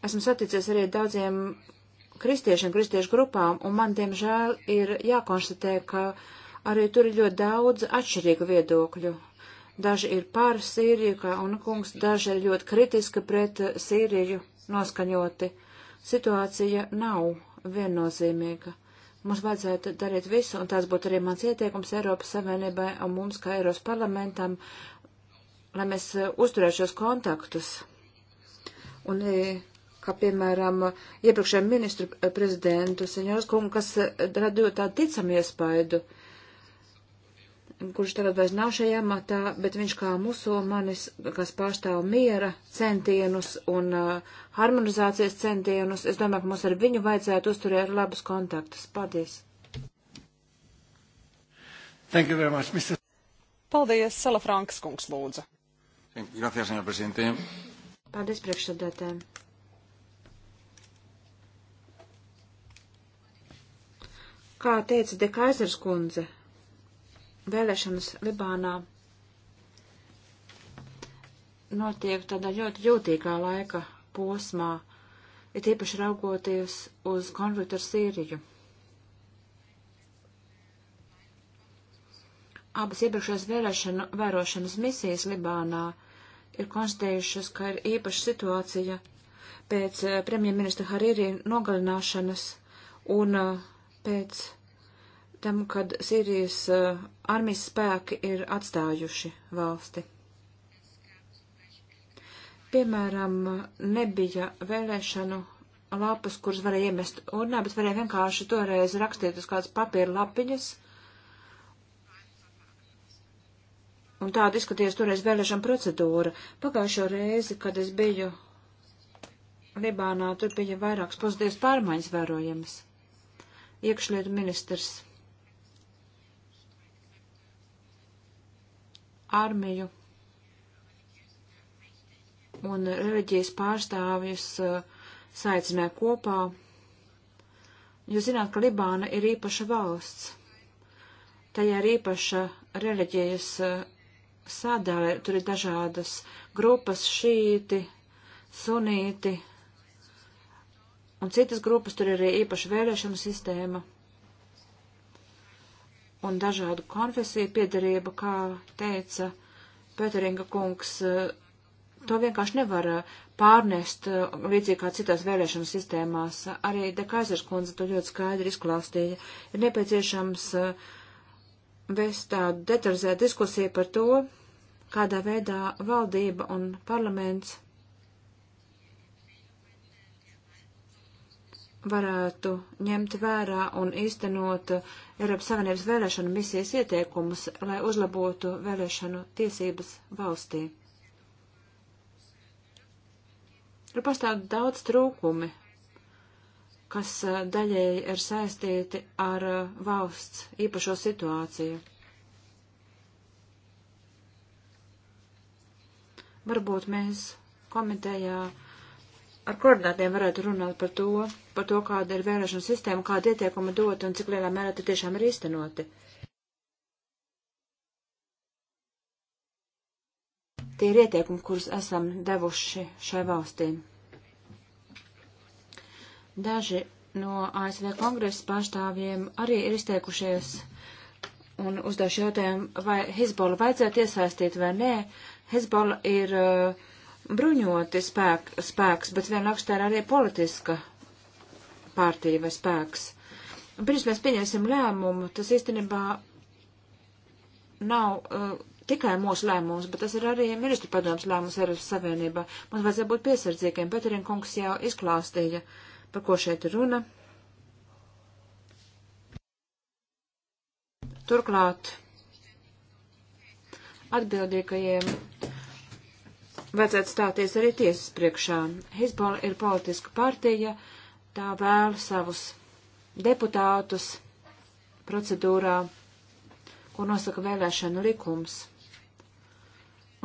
Esmu saticies arī daudziem kristiešiem, kristiešu grupām, un man, diemžēl, ir jākonstatē, ka arī tur ir ļoti daudz atšķirīgu viedokļu. Daži ir par Sīriju, kā un kungs, daži ir ļoti kritiski pret Sīriju noskaņoti. Situācija nav viennozīmīga. Mums vajadzētu darīt visu, un tās būtu arī mans ieteikums Eiropas Savienībai un mums, kā Eiropas parlamentam, lai mēs eh, uzturētu šos kontaktus. Un, eh, kā piemēram, iepriekšējā ministru eh, prezidentu, senjors kungu, kas radīja tādu ticam iespaidu, uh, kurš tagad vairs nav šajā matā, bet viņš kā musulmanis, kas pārstāv miera centienus un uh, harmonizācijas centienus, es domāju, ka mums ar viņu vajadzētu uzturēt labus kontaktus. Paldies! Thank you very much, Mr. Paldies, Sala Frankas kungs lūdzu. Gracias, senor presidente. Paldies, priekšsādātājiem. Kā teica Dekaizers kundze, vēlēšanas Libānā notiek tādā ļoti jūtīgā laika posmā, ir īpaši raugoties uz konfliktu ar Sīriju. Abas iepriekšējās vēlēšanu vērošanas misijas Libānā ir konstatējušas, ka ir īpaša situācija pēc eh, premjerministra Harīrī nogalināšanas un eh, pēc tam, kad Sīrijas eh, armijas spēki ir atstājuši valsti. Piemēram, nebija vēlēšanu lapas, kuras varēja iemest urnā, bet varēja vienkārši toreiz rakstīt uz kādas papīra lapiņas. Un tāda izskaties toreiz vēlēšana procedūra. Pagājušo reizi, kad es biju Libānā, tur bija vairākas pozitīvas pārmaiņas vērojamas. Iekšlietu ministrs armiju un reliģijas pārstāvjus uh, saicināja kopā. Jūs zināt, ka Libāna ir īpaša valsts. Tajā ir īpaša reliģijas uh, sadāle, tur ir dažādas grupas - šīti, sunīti, un citas grupas, tur ir arī īpaša vēlēšanu sistēma un dažādu konfesiju piedarība, kā teica Pēteringa kungs, eh, to vienkārši nevar eh, pārnest eh, līdzīgi kā citās vēlēšanu sistēmās. Arī De Kaisers kundze to ļoti skaidri izklāstīja. Ir nepieciešams vēst tādu detalizētu diskusiju par to, kādā veidā valdība un parlaments varētu ņemt vērā un īstenot Eiropas Savienības vēlēšanu misijas ieteikumus, lai uzlabotu vēlēšanu tiesības valstī. Ir pastāv daudz trūkumi, kas daļēji ir saistīti ar valsts īpašo situāciju. Varbūt mēs komitejā ar koordinātiem varētu runāt par to, par to, kāda ir vēlēšana sistēma, kāda ieteikuma dot un cik lielā mērā tie tiešām ir īstenoti. Tie ir ieteikumi, kurus esam devuši šai valstīm. Daži no ASV kongresa pārstāvjiem arī ir izteikušies un uzdevuši jautājumu, vai Hezbola vajadzētu iesaistīt vai nē. Hezbola ir uh, bruņoti spēk, spēks, bet vienlaikus tā ir arī politiska pārtīja vai spēks. Un pirms mēs pieņemsim lēmumu, tas īstenībā nav uh, tikai mūsu lēmums, bet tas ir arī ministru padoms lēmums Eiropas Savienībā. Mums vajadzēja būt piesardzīgiem. Petrien kungs jau izklāstīja, par ko šeit ir runa. Turklāt atbildīgajiem vajadzētu stāties arī tiesas priekšā. Hezbola ir politiska partija, tā vēl savus deputātus procedūrā, ko nosaka vēlēšanu likums.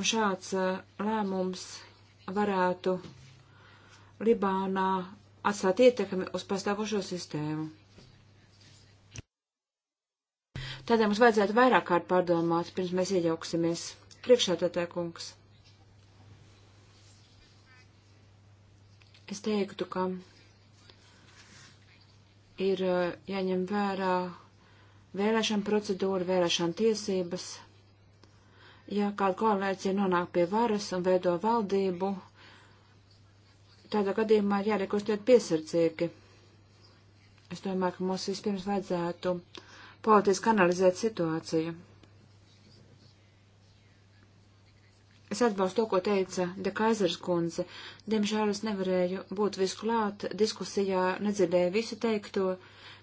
Un šāds uh, lēmums varētu Libānā atstāt ietekmi uz pastāvošo sistēmu. Tādēļ mums vajadzētu vairāk kārt pārdomāt, pirms mēs iejauksimies. Priekšā tā tā kungs. Es teiktu, ka ir uh, jāņem vērā vēlēšana procedūra, vēlēšana tiesības. Ja kāda koalīcija nonāk pie varas un veido valdību, tādā gadījumā ir jārīkos ļoti piesardzīgi. Es domāju, ka mums vispirms vajadzētu politiski analizēt situāciju. Es atbalstu to, ko teica De Kaisers kundze. Diemžēl es nevarēju būt visklāt, diskusijā nedzirdēju visu teikto,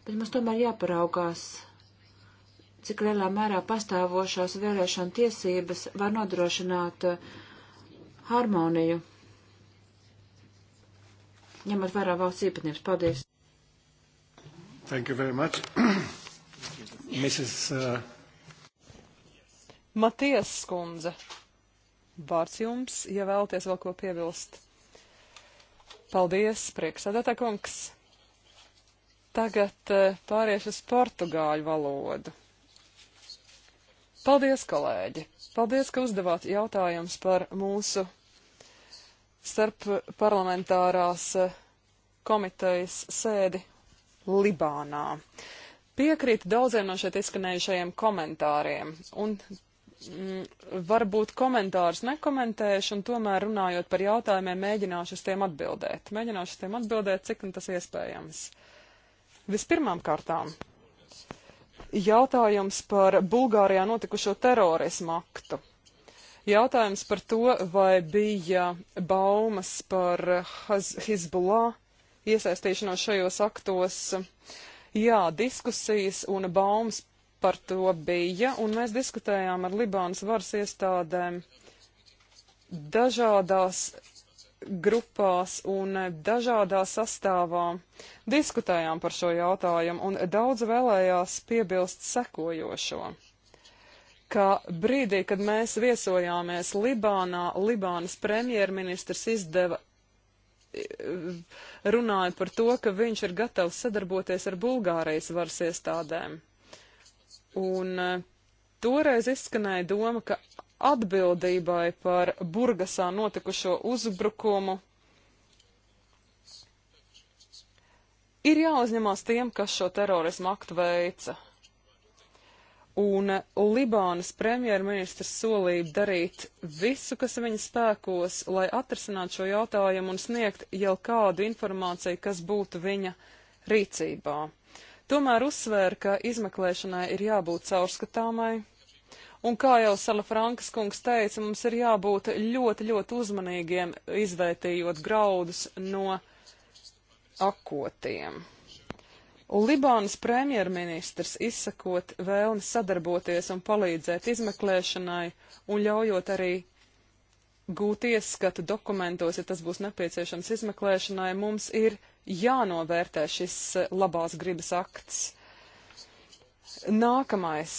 bet mums tomēr jāparaugās, cik lielā mērā pastāvošās vēlēšana tiesības var nodrošināt uh, harmoniju. Ņemot vērā valsts īpatnības. Paldies. Thank you very much. Mrs. Uh... Matias Skundze. Vārds jums, ja vēlaties vēl ko piebilst. Paldies, priekšsēdētā kungs. Tagad eh, pāriešu uz portugāļu valodu. Paldies, kolēģi! Paldies, ka uzdevāt jautājums par mūsu starp parlamentārās eh, komitejas sēdi Libānā. Piekrīt daudziem no šeit izskanējušajiem komentāriem, un Mm, varbūt komentārus nekomentēšu, un tomēr runājot par jautājumiem, mēģināšu uz tiem atbildēt. Mēģināšu uz tiem atbildēt, cik tas iespējams. Vispirmām kārtām jautājums par Bulgārijā notikušo terorismu aktu. Jautājums par to, vai bija baumas par Hezbollah iesaistīšanos šajos aktos. Jā, diskusijas un baumas par to bija, un mēs diskutējām ar Libānas varas iestādēm dažādās grupās un dažādā sastāvā. Diskutējām par šo jautājumu, un daudz vēlējās piebilst sekojošo ka brīdī, kad mēs viesojāmies Libānā, Libānas premjerministrs izdeva runāja par to, ka viņš ir gatavs sadarboties ar Bulgārijas varas iestādēm. Un e, toreiz izskanēja doma, ka atbildībai par Burgasā notikušo uzbrukumu ir jāuzņemās tiem, kas šo terorismu aktu veica. Un e, Libānas premjerministrs solīja darīt visu, kas viņa spēkos, lai atrisinātu šo jautājumu un sniegt jau kādu informāciju, kas būtu viņa rīcībā. Tomēr uzsvēra, ka izmeklēšanai ir jābūt caurskatāmai. Un kā jau Sala Frankas kungs teica, mums ir jābūt ļoti, ļoti uzmanīgiem, izvērtījot graudus no akotiem. Un Libānas premjerministrs izsakot vēlmi sadarboties un palīdzēt izmeklēšanai un ļaujot arī gūt ieskatu dokumentos, ja tas būs nepieciešams izmeklēšanai, mums ir jānovērtē šis labās gribas akts. Nākamais.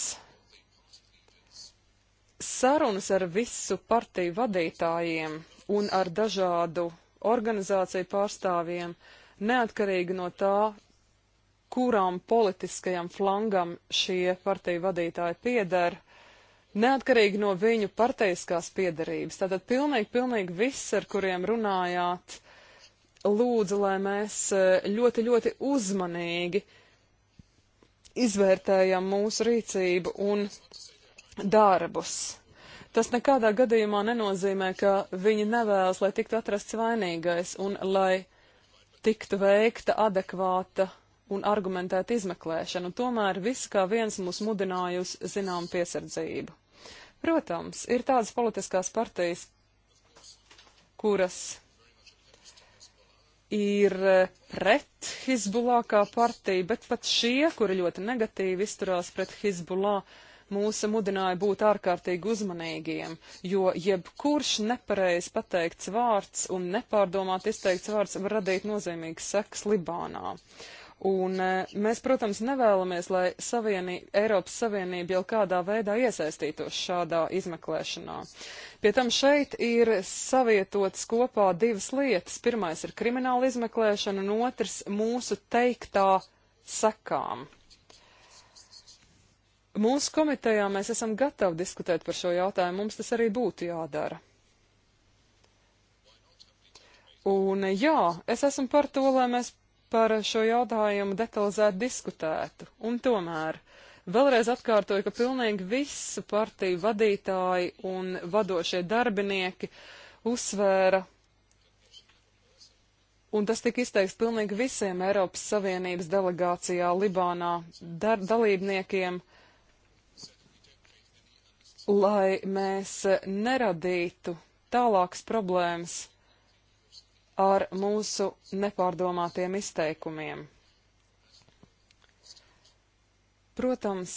Sarunas ar visu partiju vadītājiem un ar dažādu organizāciju pārstāvjiem, neatkarīgi no tā, kurām politiskajam flangam šie partiju vadītāji piedara, neatkarīgi no viņu parteiskās piedarības. Tātad pilnīgi, pilnīgi viss, ar kuriem runājāt, lūdzu, lai mēs eh, ļoti, ļoti uzmanīgi izvērtējam mūsu rīcību un darbus. Tas nekādā gadījumā nenozīmē, ka viņi nevēlas, lai tiktu atrasts vainīgais un lai tiktu veikta adekvāta un argumentēta izmeklēšana, un tomēr viss kā viens mūs mudinājusi zinām piesardzību. Protams, ir tādas politiskās partijas, kuras ir eh, pret Hizbulā kā partiju, bet pat šie, kuri ļoti negatīvi izturās pret Hizbulā, mūs mudināja būt ārkārtīgi uzmanīgiem, jo jebkurš nepareiz pateikts vārds un nepārdomāt izteikts vārds var radīt nozīmīgas sekas Libānā. Uh, Un e, mēs, protams, nevēlamies, lai savienī, Eiropas Savienība jau kādā veidā iesaistītos šādā izmeklēšanā. Pie tam šeit ir savietotas kopā divas lietas. Pirmais ir krimināla izmeklēšana, un otrs mūsu teiktā sekām. Mūsu komitejā mēs esam gatavi diskutēt par šo jautājumu, mums tas arī būtu jādara. Un jā, es esmu par to, lai mēs par šo jautājumu detalizēti diskutētu. Un tomēr vēlreiz atkārtoju, ka pilnīgi visu partiju vadītāji un vadošie darbinieki uzsvēra, un tas tika izteikts pilnīgi visiem Eiropas Savienības delegācijā Libānā dar, dalībniekiem, lai mēs neradītu tālākas problēmas ar mūsu nepārdomātiem izteikumiem. Protams,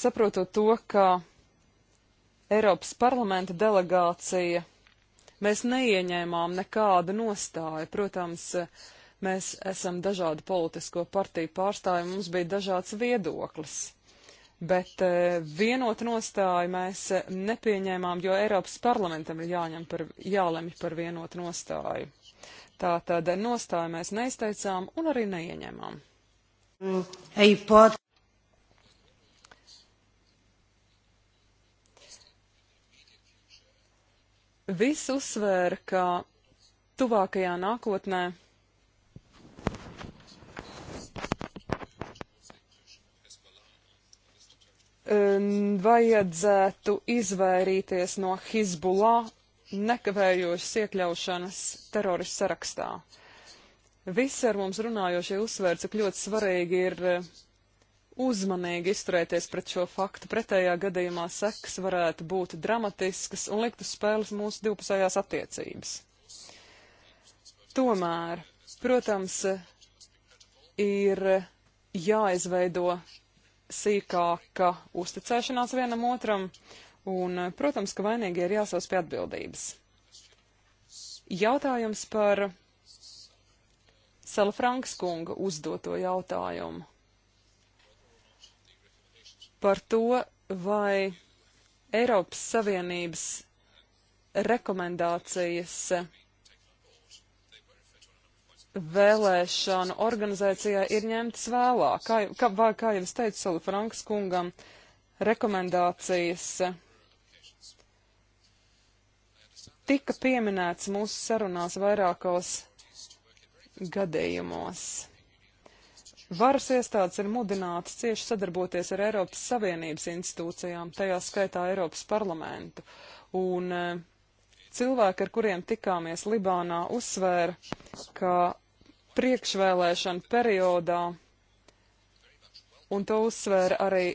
saprotot to, ka Eiropas parlamenta delegācija mēs neieņēmām nekādu nostāju. Protams, mēs esam dažādu politisko partiju pārstāvi, mums bija dažāds viedoklis bet e, vienotu nostāju mēs nepieņēmām, jo Eiropas parlamentam ir jāņem par, jālemj par vienotu nostāju. Tā tad nostāju mēs neizteicām un arī neieņēmām. Viss uzsvēra, ka tuvākajā nākotnē vajadzētu izvairīties no Hizbullah nekavējošas iekļaušanas teroristu sarakstā. Visi ar mums runājošie uzsver, cik ļoti svarīgi ir e, uzmanīgi izturēties pret šo faktu. Pretējā gadījumā sekas varētu būt dramatiskas un likt uz spēles mūsu divpusējās attiecības. Tomēr, protams, e, ir e, jāizveido sīkāka uzticēšanās vienam otram, un, protams, ka vainīgie ir jāsauc pie atbildības. Jautājums par Salafrankas kunga uzdoto jautājumu par to, vai Eiropas Savienības rekomendācijas vēlēšanu organizācijā ir ņemtas vēlā. Kā, kā, kā jau es teicu Soli Franks kungam, rekomendācijas tika pieminēts mūsu sarunās vairākos gadījumos. Varas iestādes ir mudinātas cieši sadarboties ar Eiropas Savienības institūcijām, tajā skaitā Eiropas parlamentu. Un eh, cilvēki, ar kuriem tikāmies Libānā, uzsvēra, ka priekšvēlēšana periodā, un to uzsvēra arī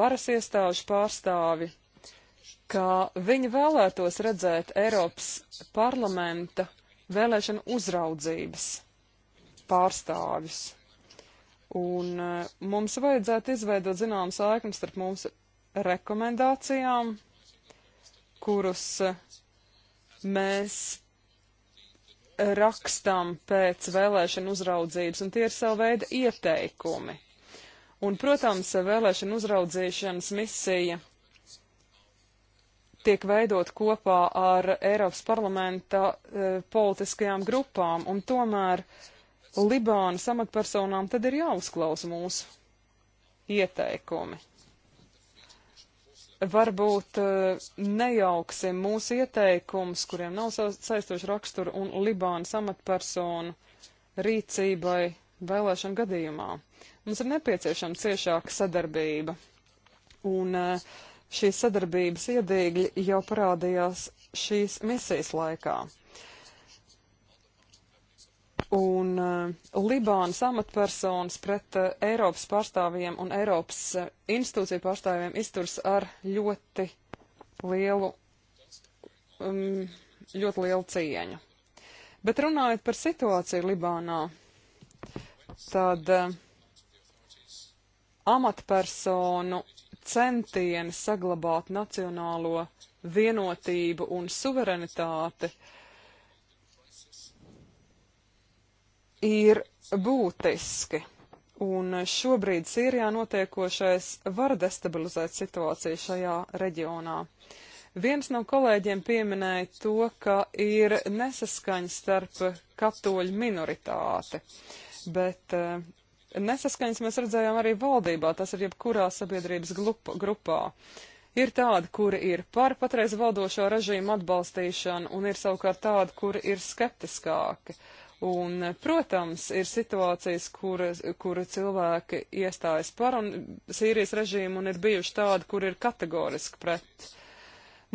varas iestāžu pārstāvi, ka viņi vēlētos redzēt Eiropas parlamenta vēlēšanu uzraudzības pārstāvis. Un eh, mums vajadzētu izveidot zinām saikni starp mūsu rekomendācijām, kurus eh, mēs rakstam pēc vēlēšana uzraudzības, un tie ir savu veidu ieteikumi. Un, protams, vēlēšana uzraudzīšanas misija tiek veidot kopā ar Eiropas parlamenta e, politiskajām grupām, un tomēr Libānas amatpersonām tad ir jāuzklausa mūsu ieteikumi varbūt eh, nejauksim mūsu ieteikums, kuriem nav saistoši rakstura un Libānas amatpersonu rīcībai vēlēšanu gadījumā. Mums ir nepieciešama ciešāka sadarbība. Un eh, šīs sadarbības iedīgļi jau parādījās šīs misijas laikā un eh, Libānas amatpersonas pret eh, Eiropas pārstāvjiem un Eiropas eh, institūciju pārstāvjiem izturs ar ļoti lielu, um, ļoti lielu cieņu. Bet runājot par situāciju Libānā, tad uh, amatpersonu centieni saglabāt nacionālo vienotību un suverenitāti uh, ir būtiski. Un šobrīd Sīrijā notiekošais var destabilizēt situāciju šajā reģionā. Viens no kolēģiem pieminēja to, ka ir nesaskaņa starp katoļu minoritāti, bet eh, nesaskaņas mēs redzējām arī valdībā, tas ir jebkurā sabiedrības grupā. Ir tādi, kuri ir par patreiz valdošo režīmu atbalstīšanu, un ir savukārt tādi, kuri ir skeptiskāki. Un, protams, ir situācijas, kur, kur cilvēki iestājas par un Sīrijas režīmu un ir bijuši tādi, kur ir kategoriski pret.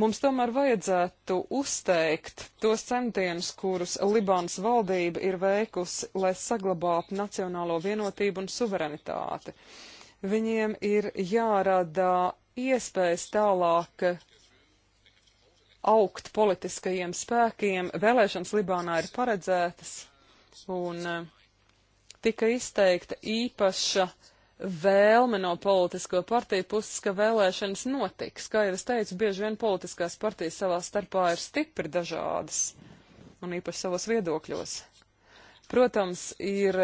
Mums tomēr vajadzētu uzteikt tos centienus, kurus Libānas valdība ir veikusi, lai saglabātu nacionālo vienotību un suverenitāti. Viņiem ir jārada iespējas tālāk augt politiskajiem spēkiem. Vēlēšanas Libānā ir paredzētas un e, tika izteikta īpaša vēlme no politisko partiju puses, ka vēlēšanas notiks. Kā jau es teicu, bieži vien politiskās partijas savā starpā ir stipri dažādas, un īpaši savos viedokļos. Protams, ir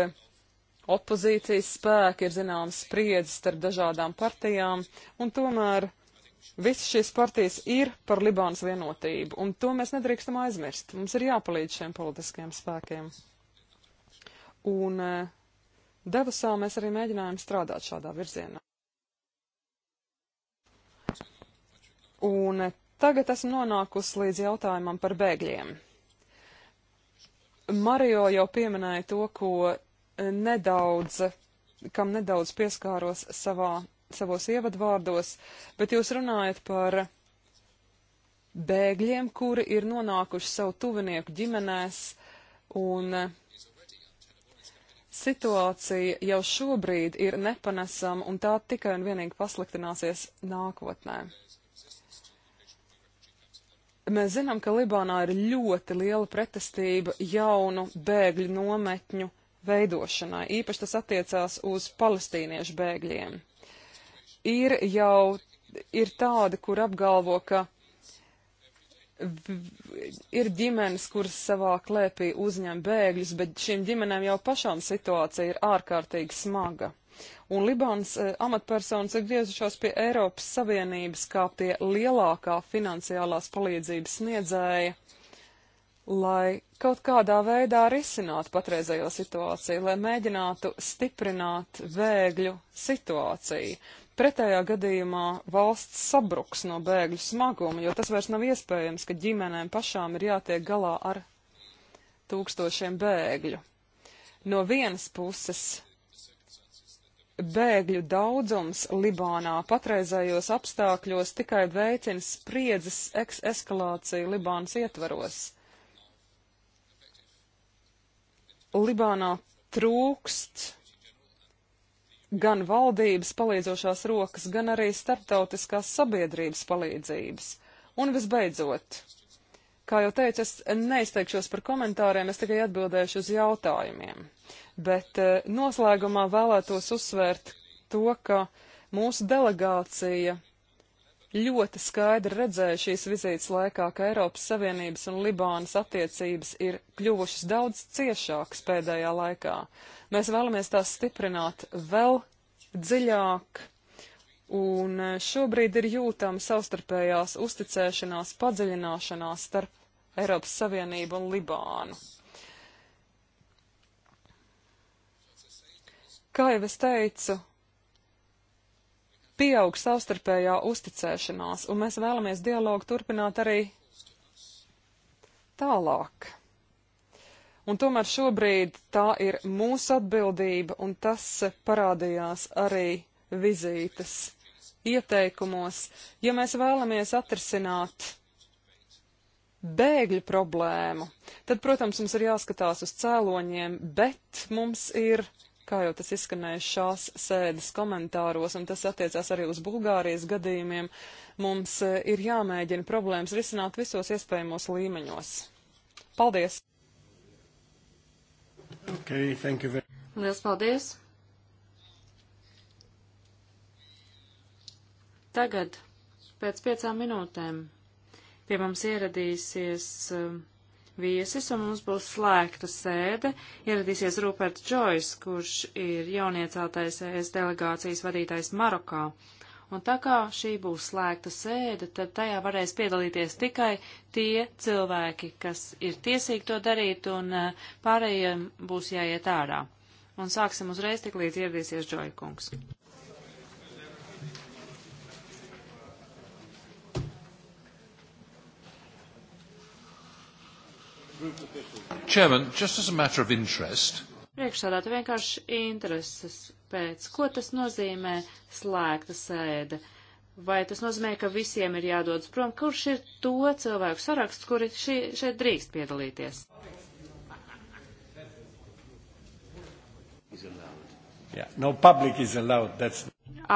opozīcijas spēki, ir zināms spriedzes starp dažādām partijām, un tomēr visas šīs partijas ir par Libānas vienotību, un to mēs nedrīkstam aizmirst. Mums ir jāpalīdz šiem politiskajiem spēkiem. Un eh, Devasā mēs arī mēģinājām strādāt šādā virzienā. Un eh, tagad esmu nonākusi līdz jautājumam par bēgļiem. Mario jau pieminēja to, ko eh, nedaudz, kam nedaudz pieskāros savā, savos ievadvārdos, bet jūs runājat par bēgļiem, kuri ir nonākuši savu tuvinieku ģimenēs un uh, Situācija jau šobrīd ir nepanesama, un tā tikai un vienīgi pasliktināsies nākotnē. Mēs zinām, ka Libānā ir ļoti liela pretestība jaunu bēgļu nometņu veidošanai. Īpaši tas attiecās uz palestīniešu bēgļiem. Ir jau ir tādi, kur apgalvo, ka ir ģimenes, kuras savā klēpī uzņem bēgļus, bet šīm ģimenēm jau pašām situācija ir ārkārtīgi smaga. Un Libānas eh, amatpersonas ir griezušās pie Eiropas Savienības kā pie lielākā finansiālās palīdzības sniedzēja, lai kaut kādā veidā risināt patreizējo situāciju, lai mēģinātu stiprināt bēgļu situāciju. Pretējā gadījumā valsts sabruks no bēgļu smaguma, jo tas vairs nav iespējams, ka ģimenēm pašām ir jātiek galā ar tūkstošiem bēgļu. No vienas puses bēgļu daudzums Libānā patreizējos apstākļos tikai veicina spriedzes eskalāciju Libānas ietvaros. Libānā trūkst gan valdības palīdzošās rokas, gan arī starptautiskās sabiedrības palīdzības. Un visbeidzot, kā jau teicu, es neizteikšos par komentāriem, es tikai atbildēšu uz jautājumiem. Bet eh, noslēgumā vēlētos uzsvērt to, ka mūsu delegācija ļoti skaidri redzēja šīs vizītes laikā, ka Eiropas Savienības un Libānas attiecības ir kļuvušas daudz ciešākas pēdējā laikā. Mēs vēlamies tās stiprināt vēl dziļāk. Un šobrīd ir jūtama savstarpējās uzticēšanās padziļināšanās starp Eiropas Savienību un Libānu. Kā jau es teicu, pieaug savstarpējā uzticēšanās, un mēs vēlamies dialogu turpināt arī tālāk. Un tomēr šobrīd tā ir mūsu atbildība, un tas parādījās arī vizītes ieteikumos. Ja mēs vēlamies atrisināt bēgļu problēmu, tad, protams, mums ir jāskatās uz cēloņiem, bet mums ir kā jau tas izskanēja šās sēdes komentāros, un tas attiecās arī uz Bulgārijas gadījumiem, mums e, ir jāmēģina problēmas risināt visos iespējamos līmeņos. Paldies! Okay, thank you very much. Liels paldies! Tagad, pēc piecām minūtēm, pie mums ieradīsies uh, viesis, un mums būs slēgta sēde. Ieradīsies Ruperts Džojs, kurš ir jaunieceltais ES delegācijas vadītājs Marokā. Un tā kā šī būs slēgta sēde, tad tajā varēs piedalīties tikai tie cilvēki, kas ir tiesīgi to darīt, un eh, pārējiem būs jāiet ārā. Un sāksim uzreiz, tik līdz ieradīsies Džojkungs. Chairman, just as a matter of interest. Priekšsādāta vienkārši intereses pēc. Ko tas nozīmē slēgta sēde? Vai tas nozīmē, ka visiem ir jādodas prom? Kurš ir to cilvēku saraksts, kuri šī, šeit drīkst piedalīties? Yeah. No public is allowed. That's...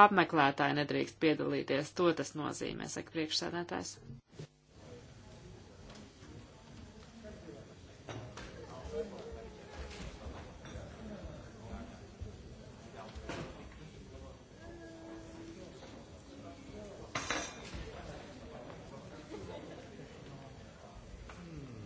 Apmeklētāji nedrīkst piedalīties. To tas nozīmē, saka priekšsēdētājs.